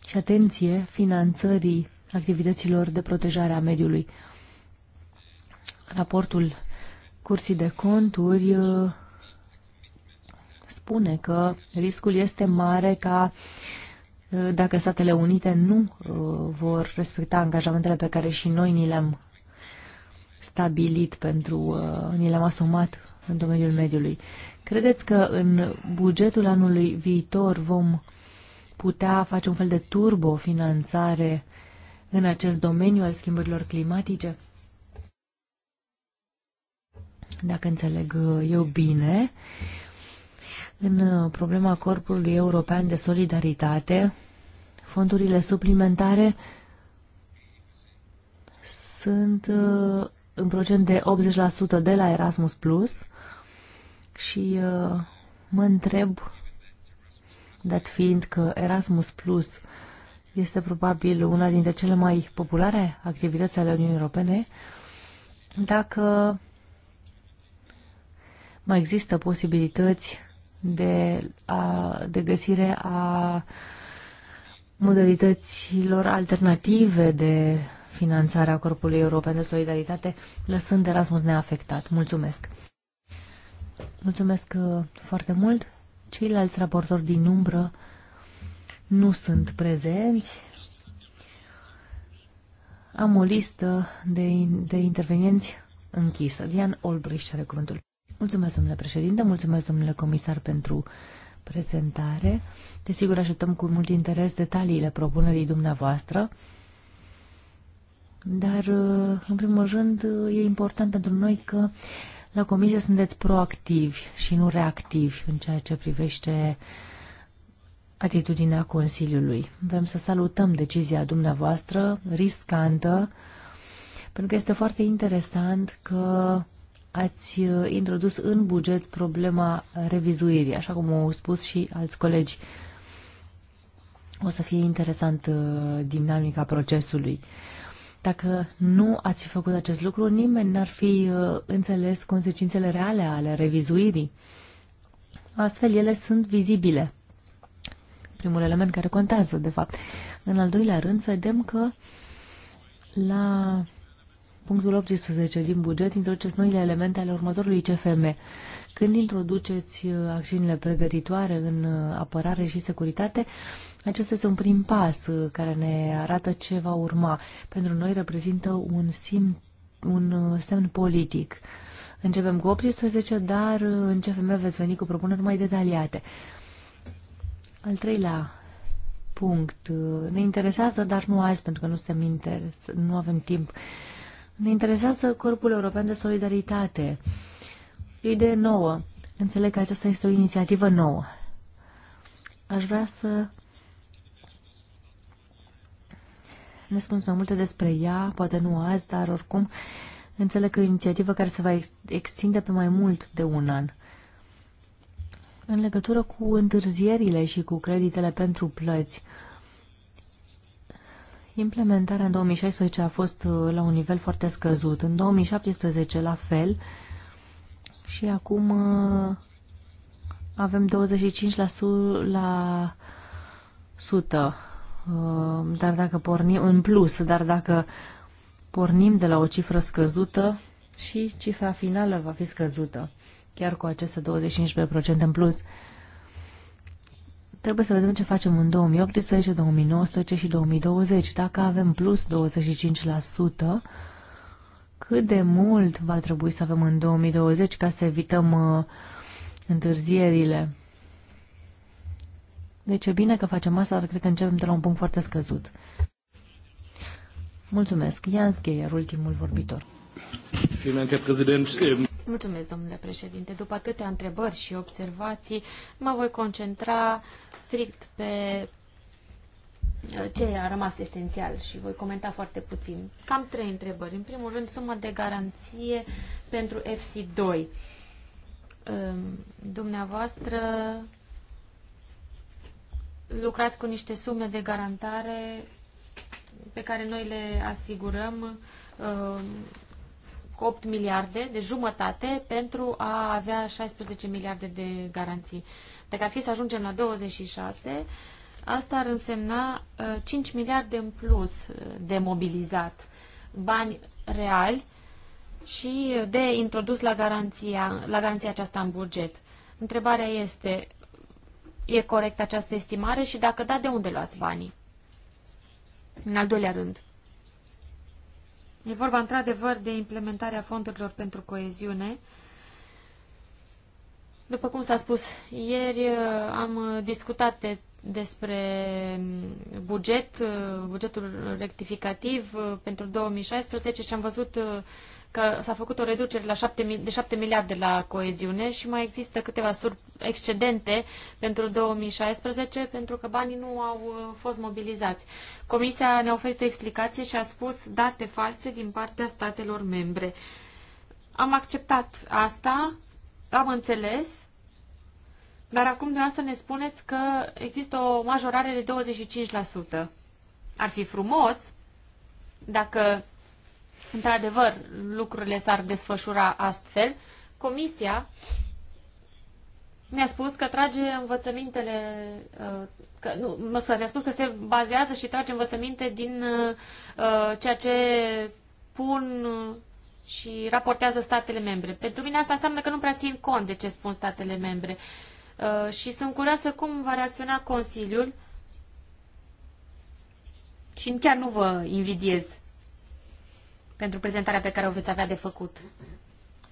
și atenție finanțării activităților de protejare a mediului. Raportul Curții de Conturi uh, spune că riscul este mare ca dacă Statele Unite nu vor respecta angajamentele pe care și noi ni le-am stabilit pentru, uh, ni le-am asumat în domeniul mediului. Credeți că în bugetul anului viitor vom putea face un fel de turbofinanțare în acest domeniu al schimbărilor climatice? Dacă înțeleg uh, eu bine, în uh, problema Corpului European de Solidaritate, fondurile suplimentare sunt în procent de 80% de la Erasmus Plus și uh, mă întreb, dat fiind că Erasmus Plus este probabil una dintre cele mai populare activități ale Uniunii Europene, dacă mai există posibilități de, a, de găsire a modalităților alternative de finanțarea Corpului European de Solidaritate, lăsând Erasmus neafectat. Mulțumesc! Mulțumesc uh, foarte mult! Ceilalți raportori din umbră nu sunt prezenți. Am o listă de, de intervenienți închisă. Dian Olbrich are cuvântul. Mulțumesc, domnule președinte, mulțumesc, domnule comisar, pentru prezentare. Desigur, așteptăm cu mult interes detaliile propunerii dumneavoastră. Dar, uh, în primul rând, uh, e important pentru noi că la comisie sunteți proactivi și nu reactivi în ceea ce privește atitudinea Consiliului. Vrem să salutăm decizia dumneavoastră, riscantă, pentru că este foarte interesant că ați uh, introdus în buget problema revizuirii, așa cum au spus și alți colegi. O să fie interesant dinamica procesului. Dacă nu ați fi făcut acest lucru, nimeni n-ar fi uh, înțeles consecințele reale ale revizuirii. Astfel, ele sunt vizibile. Primul element care contează, de fapt. În al doilea rând, vedem că la punctul 18 din buget introduceți noile elemente ale următorului CFM. Când introduceți uh, acțiunile pregătitoare în uh, apărare și securitate, acesta este un prim pas uh, care ne arată ce va urma. Pentru noi reprezintă un, sim, un uh, semn politic. Începem cu 18, dar uh, în CFM veți veni cu propuneri mai detaliate. Al treilea punct. Ne interesează, dar nu azi, pentru că nu suntem interes, nu avem timp. Ne interesează Corpul European de Solidaritate. O idee nouă. Înțeleg că aceasta este o inițiativă nouă. Aș vrea să ne spuneți mai multe despre ea, poate nu azi, dar oricum înțeleg că e o inițiativă care se va extinde pe mai mult de un an. În legătură cu întârzierile și cu creditele pentru plăți, implementarea în 2016 a fost uh, la un nivel foarte scăzut, în 2017 la fel și acum uh, avem 25% la 100 Ehm, dar dacă pornim în plus, dar dacă pornim de la o cifră scăzută și cifra finală va fi scăzută, chiar cu aceste 25% în plus. Trebuie să vedem ce facem în 2018, 2019 și 2020. Dacă avem plus 25%, cât de mult va trebui să avem în 2020 ca să evităm uh, întârzierile? Deci e bine că facem asta, dar cred că începem de la un punct foarte scăzut. Mulțumesc. Jans Geier, ultimul vorbitor. Mulțumesc, domnule președinte. După atâtea întrebări și observații, mă voi concentra strict pe ce a rămas esențial și voi comenta foarte puțin. Cam trei întrebări. În primul rând, suma de garanție pentru FC2. Dumneavoastră lucrați cu niște sume de garantare pe care noi le asigurăm uh, cu 8 miliarde, de deci jumătate, pentru a avea 16 miliarde de garanții. Dacă ar fi să ajungem la 26, asta ar însemna 5 uh, miliarde în plus de mobilizat, bani reali și de introdus la garanția, la garanția aceasta în buget. Întrebarea este, E corect această estimare și dacă da, de unde luați banii? În al doilea rând, e vorba într-adevăr de implementarea fondurilor pentru coeziune. După cum s-a spus, ieri am discutat de, despre buget, bugetul rectificativ pentru 2016 și am văzut că s-a făcut o reducere la 7, de 7 miliarde la coeziune și mai există câteva sur excedente pentru 2016 pentru că banii nu au uh, fost mobilizați. Comisia ne-a oferit o explicație și a spus date false din partea statelor membre. Am acceptat asta, am înțeles, dar acum dumneavoastră ne spuneți că există o majorare de 25%. Ar fi frumos dacă într-adevăr, lucrurile s-ar desfășura astfel, Comisia mi-a spus că trage învățămintele, uh, că, nu, mă scuze, mi-a spus că se bazează și trage învățăminte din uh, ceea ce spun uh, și raportează statele membre. Pentru mine asta înseamnă că nu prea țin cont de ce spun statele membre. Uh, și sunt curioasă cum va reacționa Consiliul și chiar nu vă invidiez pentru prezentarea pe care o veți avea de făcut.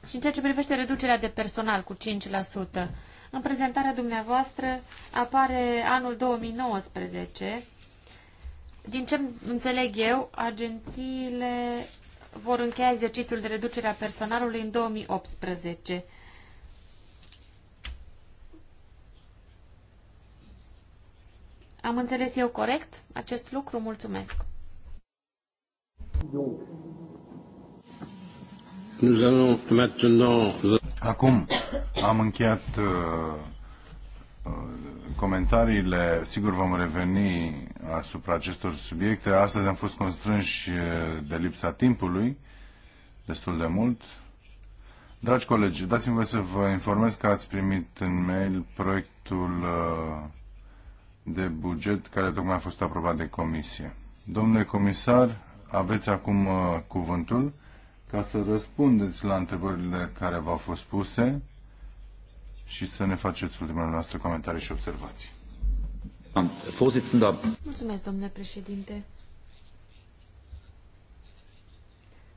Și în ceea ce privește reducerea de personal cu 5%, în prezentarea dumneavoastră apare anul 2019. Din ce înțeleg eu, agențiile vor încheia exercițiul de reducere a personalului în 2018. Am înțeles eu corect acest lucru? Mulțumesc! Acum am încheiat uh, uh, comentariile. Sigur vom reveni asupra acestor subiecte. Astăzi am fost constrânși uh, de lipsa timpului destul de mult. Dragi colegi, dați-mi voi să vă informez că ați primit în mail proiectul uh, de buget care tocmai a fost aprobat de comisie. Domnule comisar, aveți acum cuvântul ca să răspundeți la întrebările care v-au fost puse și să ne faceți ultimele noastre comentarii și observații. Mulțumesc, domnule președinte.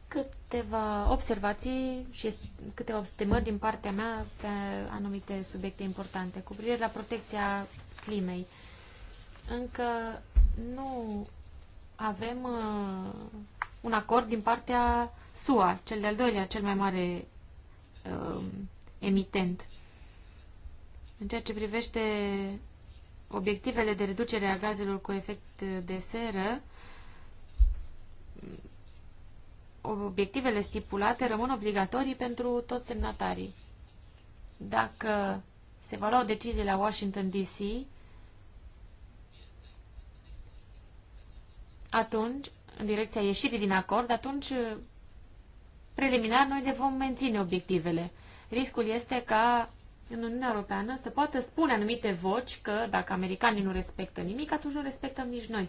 Câteva observații și câteva obstemări din partea mea pe anumite subiecte importante cu privire la protecția climei. Încă nu avem uh, un acord din partea SUA, cel de-al doilea, cel mai mare uh, emitent. În ceea ce privește obiectivele de reducere a gazelor cu efect de seră, obiectivele stipulate rămân obligatorii pentru toți semnatarii. Dacă se va lua o decizie la Washington DC, atunci în direcția ieșirii din acord, atunci uh, preliminar noi ne vom menține obiectivele. Riscul este ca în Uniunea Europeană să poată spune anumite voci că dacă americanii nu respectă nimic, atunci nu respectăm nici noi.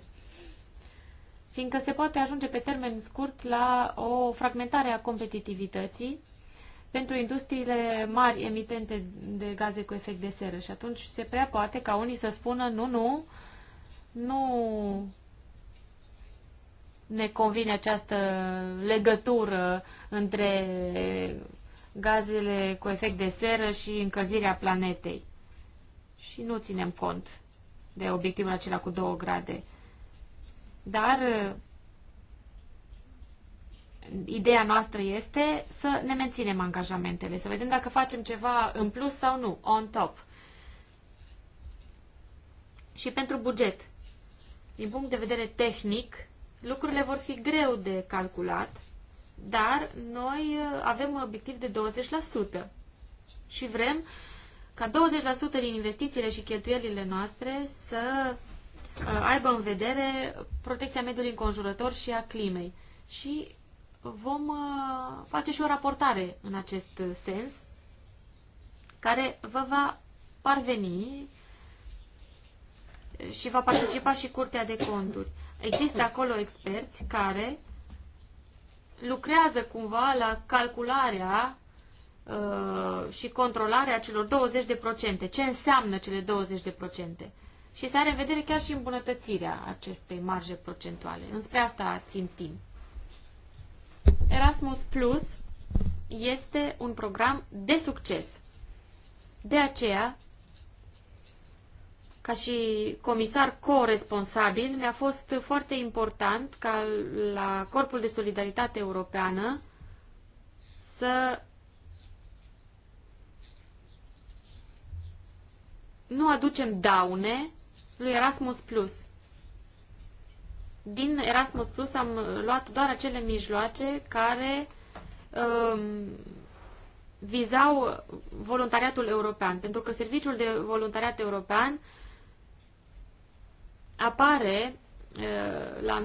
Fiindcă se poate ajunge pe termen scurt la o fragmentare a competitivității pentru industriile mari emitente de gaze cu efect de seră. Și atunci se prea poate ca unii să spună nu, nu, nu ne convine această legătură între gazele cu efect de seră și încălzirea planetei. Și nu ținem cont de obiectivul acela cu 2 grade. Dar uh, ideea noastră este să ne menținem angajamentele, să vedem dacă facem ceva în plus sau nu, on top. Și pentru buget, din punct de vedere tehnic, lucrurile vor fi greu de calculat, dar noi uh, avem un obiectiv de 20% și vrem ca 20% din investițiile și cheltuielile noastre să uh, aibă în vedere protecția mediului înconjurător și a climei. Și vom uh, face și o raportare în acest sens, care vă va parveni și va participa și Curtea de Conturi. Există acolo experți care lucrează cumva la calcularea uh, și controlarea celor 20%, ce înseamnă cele 20%. Și să are în vedere chiar și îmbunătățirea acestei marje procentuale. Înspre asta timp. Erasmus Plus este un program de succes. De aceea ca și comisar co-responsabil, mi-a fost foarte important ca la Corpul de Solidaritate Europeană să nu aducem daune lui Erasmus+. Din Erasmus Plus am luat doar acele mijloace care um, vizau voluntariatul european, pentru că Serviciul de Voluntariat European uh, apare la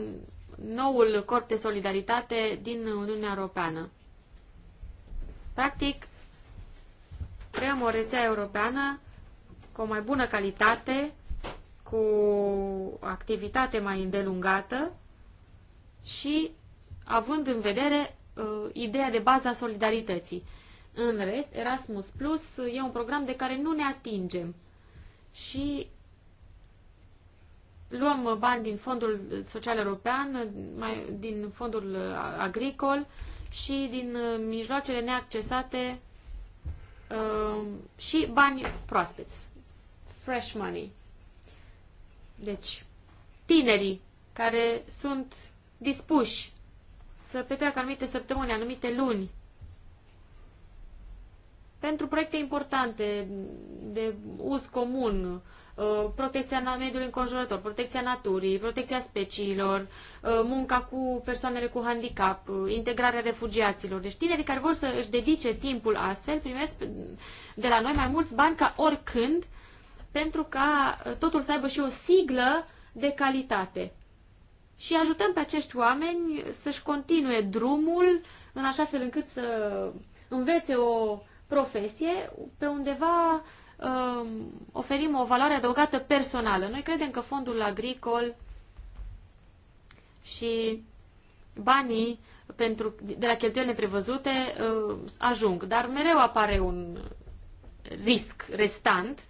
noul corp de solidaritate din Uniunea Europeană. Practic, creăm o rețea europeană cu o mai bună calitate, cu o activitate mai îndelungată și având în vedere uh, ideea de bază a solidarității. În rest, Erasmus Plus e un program de care nu ne atingem și luăm bani din Fondul Social European, mai, din Fondul Agricol și din uh, mijloacele neaccesate uh, și bani proaspeți. Fresh money. Deci, tinerii care sunt dispuși să petreacă anumite săptămâni, anumite luni pentru proiecte importante de uz comun, uh, Uh, protecția mediului înconjurător, protecția naturii, protecția speciilor, uh, munca cu persoanele cu handicap, uh, integrarea refugiaților. Deci tinerii care vor să își dedice timpul astfel primesc de la noi mai mulți bani ca oricând pentru ca totul să aibă și o siglă de calitate. Și ajutăm pe acești oameni să-și continue drumul în așa fel încât să învețe o profesie pe undeva Um, oferim o valoare adăugată personală. Noi credem că fondul agricol și banii pentru, de la cheltuieli neprevăzute uh, ajung, dar mereu apare un risc restant.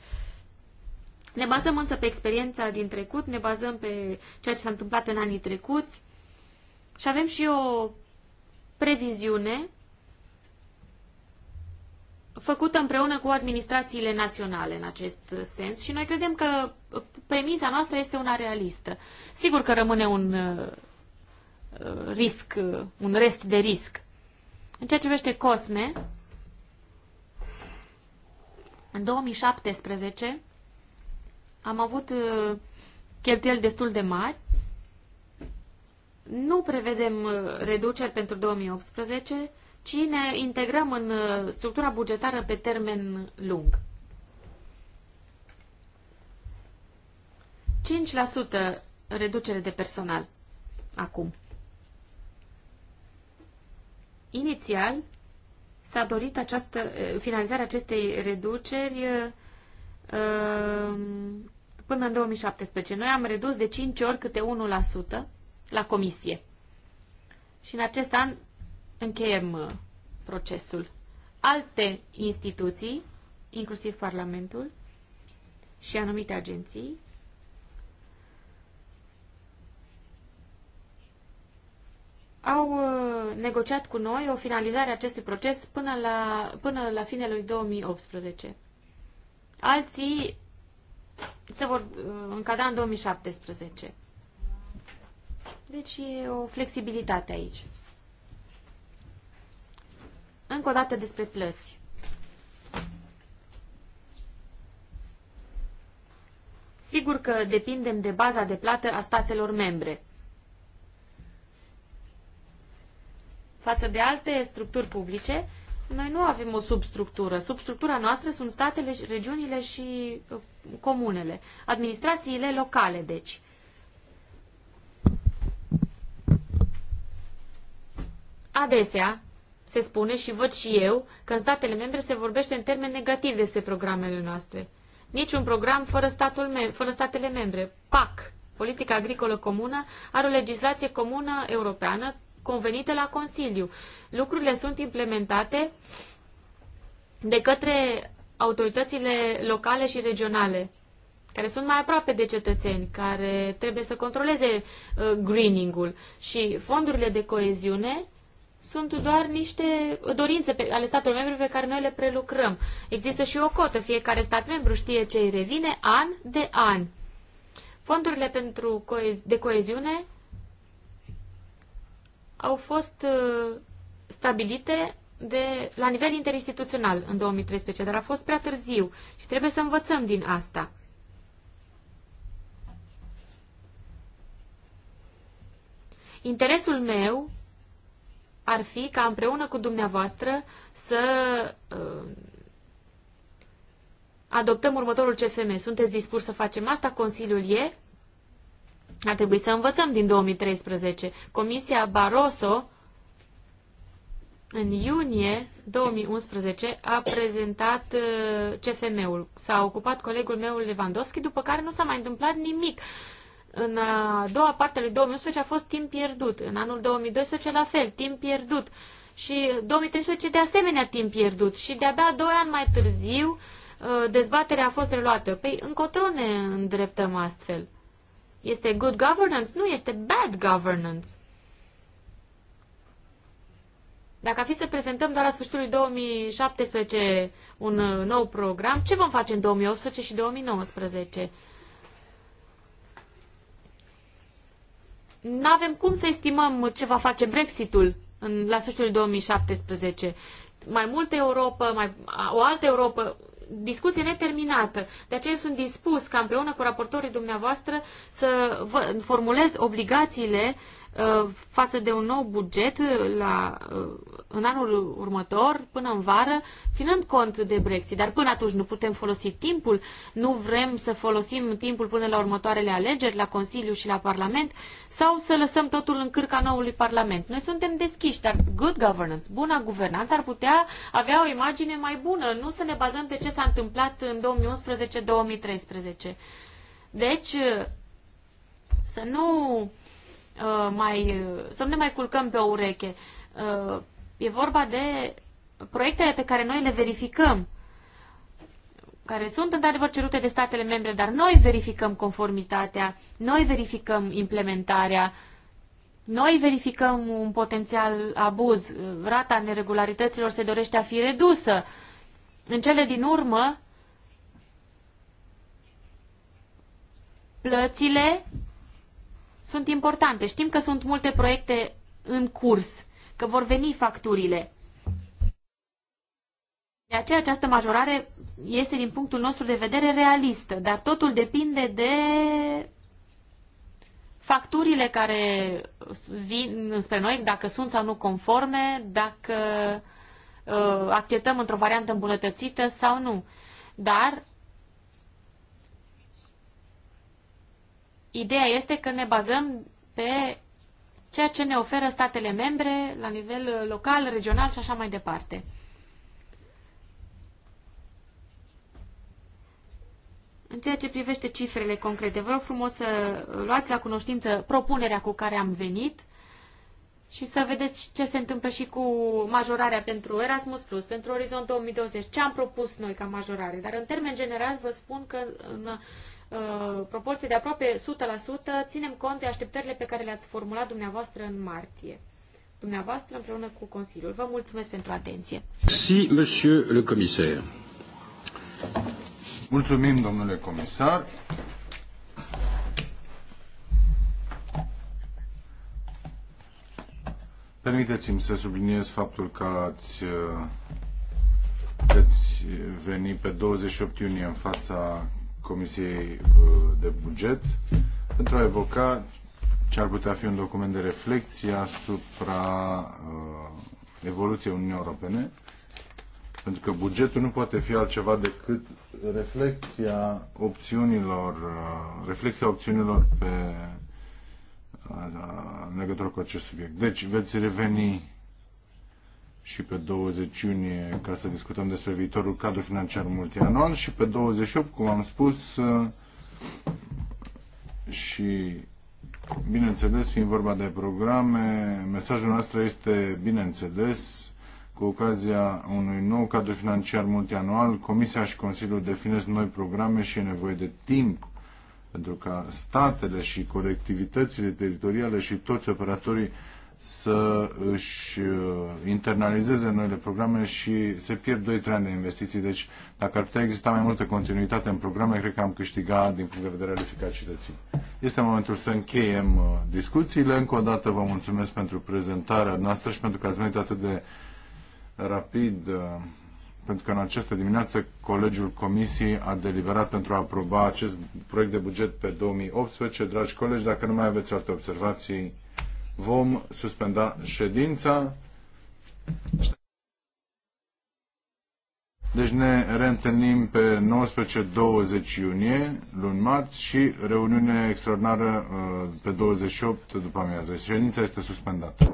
Ne bazăm însă pe experiența din trecut, ne bazăm pe ceea ce s-a întâmplat în anii trecuți și avem și o previziune făcută împreună cu administrațiile naționale în acest sens și noi credem că premiza noastră este una realistă. Sigur că rămâne un uh, uh, risc, uh, un rest de risc. În ceea ce vește COSME, în 2017 am avut cheltuieli destul de mari. Nu prevedem reduceri pentru 2018, ci ne integrăm în uh, structura bugetară pe termen lung. 5% reducere de personal acum. Inițial s-a dorit această, uh, finalizarea acestei reduceri uh, um, până în 2017. Noi am redus de 5 ori câte 1% la comisie. Și în acest an încheiem uh, procesul. Alte instituții, inclusiv Parlamentul și anumite agenții, au uh, negociat cu noi o finalizare a acestui proces până la, până la finele lui 2018. Alții se vor uh, încadra în 2017. Deci e o flexibilitate aici. Încă o dată despre plăți. Sigur că depindem de baza de plată a statelor membre. Față de alte structuri publice, noi nu avem o substructură. Substructura noastră sunt statele, regiunile și uh, comunele. Administrațiile locale, deci. Adesea, se spune și văd și eu că în statele membre se vorbește în termeni negativi despre programele noastre. Niciun program fără, statul mem- fără statele membre. PAC, Politica Agricolă Comună, are o legislație comună europeană convenită la Consiliu. Lucrurile sunt implementate de către autoritățile locale și regionale, care sunt mai aproape de cetățeni, care trebuie să controleze uh, greening-ul. Și fondurile de coeziune sunt doar niște dorințe pe, ale statelor membre pe care noi le prelucrăm. Există și o cotă, fiecare stat membru știe ce îi revine an de an. Fondurile pentru coezi- de coeziune au fost uh, stabilite de, la nivel interinstituțional în 2013, dar a fost prea târziu și trebuie să învățăm din asta. Interesul meu ar fi ca împreună cu dumneavoastră să uh, adoptăm următorul CFM. Sunteți dispuși să facem asta? Consiliul e? Ar trebui să învățăm din 2013. Comisia Barroso în iunie 2011 a prezentat uh, CFM-ul. S-a ocupat colegul meu Lewandowski, după care nu s-a mai întâmplat nimic. Uh, în a doua parte a lui 2011 a fost timp pierdut. În anul 2012 la fel, timp pierdut. Și 2013 de asemenea timp pierdut. Și de-abia doi ani mai târziu uh, dezbaterea a fost reluată. Păi încotro ne îndreptăm astfel. Este good governance? Nu, este bad governance. Dacă a fi să prezentăm doar la sfârșitul lui 2017 un uh, nou program, ce vom face în 2018 și 2019? nu avem cum să estimăm ce va face Brexitul în, la sfârșitul 2017. Mai multă Europa, mai, o altă Europa, discuție neterminată. De aceea sunt dispus ca împreună cu raportorii dumneavoastră să vă formulez obligațiile uh, Uh, față de un nou buget la, uh, în anul următor, până în vară, ținând cont de Brexit. Dar până atunci nu putem folosi timpul, nu vrem să folosim timpul până la următoarele alegeri, la Consiliu și la Parlament, sau să lăsăm totul în cârca noului Parlament. Noi suntem deschiși, dar good governance, buna guvernanță, ar putea avea o imagine mai bună, nu să ne bazăm pe ce s-a întâmplat în 2011-2013. Deci, să nu Uh, mai, uh, să nu ne mai culcăm pe o ureche. Uh, e vorba de proiectele pe care noi le verificăm, care sunt într-adevăr cerute de statele membre, dar noi verificăm conformitatea, noi verificăm implementarea, noi verificăm un potențial abuz, rata neregularităților se dorește a fi redusă. În cele din urmă, plățile sunt importante. Știm că sunt multe proiecte în curs, că vor veni facturile. De aceea această majorare este din punctul nostru de vedere realistă, dar totul depinde de facturile care vin spre noi, dacă sunt sau nu conforme, dacă uh, acceptăm într-o variantă îmbunătățită sau nu. Dar Ideea este că ne bazăm pe ceea ce ne oferă statele membre la nivel local, regional și așa mai departe. În ceea ce privește cifrele concrete, vă rog frumos să luați la cunoștință propunerea cu care am venit și să vedeți ce se întâmplă și cu majorarea pentru Erasmus+, Plus, pentru Orizont 2020, ce am propus noi ca majorare. Dar în termen general vă spun că în uh, proporție de aproape 100% ținem cont de așteptările pe care le-ați formulat dumneavoastră în martie. Dumneavoastră împreună cu Consiliul. Vă mulțumesc pentru atenție. Si, monsieur le comisar. Mulțumim, domnule comisar. Permiteți-mi să subliniez faptul că ați, uh, veți venit pe 28 iunie în fața Comisiei uh, de Buget pentru a evoca ce ar putea fi un document de reflexie asupra uh, evoluției Uniunii Europene, pentru că bugetul nu poate fi altceva decât reflexia opțiunilor, uh, reflexia opțiunilor pe în legătură cu acest subiect. Deci veți reveni și pe 20 iunie ca să discutăm despre viitorul cadru financiar multianual și pe 28, cum am spus, și bineînțeles, fiind vorba de programe, mesajul nostru este, bineînțeles, cu ocazia unui nou cadru financiar multianual, Comisia și Consiliul definesc noi programe și e nevoie de timp pentru ca statele și colectivitățile teritoriale și toți operatorii să își uh, internalizeze noile programe și se pierd 2-3 ani de investiții. Deci, dacă ar putea exista mai multă continuitate în programe, cred că am câștigat din punct de vedere al eficacității. Este momentul să încheiem uh, discuțiile. Încă o dată vă mulțumesc pentru prezentarea noastră și pentru că ați venit atât de rapid uh, pentru că în această dimineață Colegiul Comisiei a deliberat pentru a aproba acest proiect de buget pe 2018. Dragi colegi, dacă nu mai aveți alte observații, vom suspenda ședința. Deci ne reîntâlnim pe 19-20 iunie, luni marți, și reuniune extraordinară uh, pe 28 după amiază. Ședința este suspendată.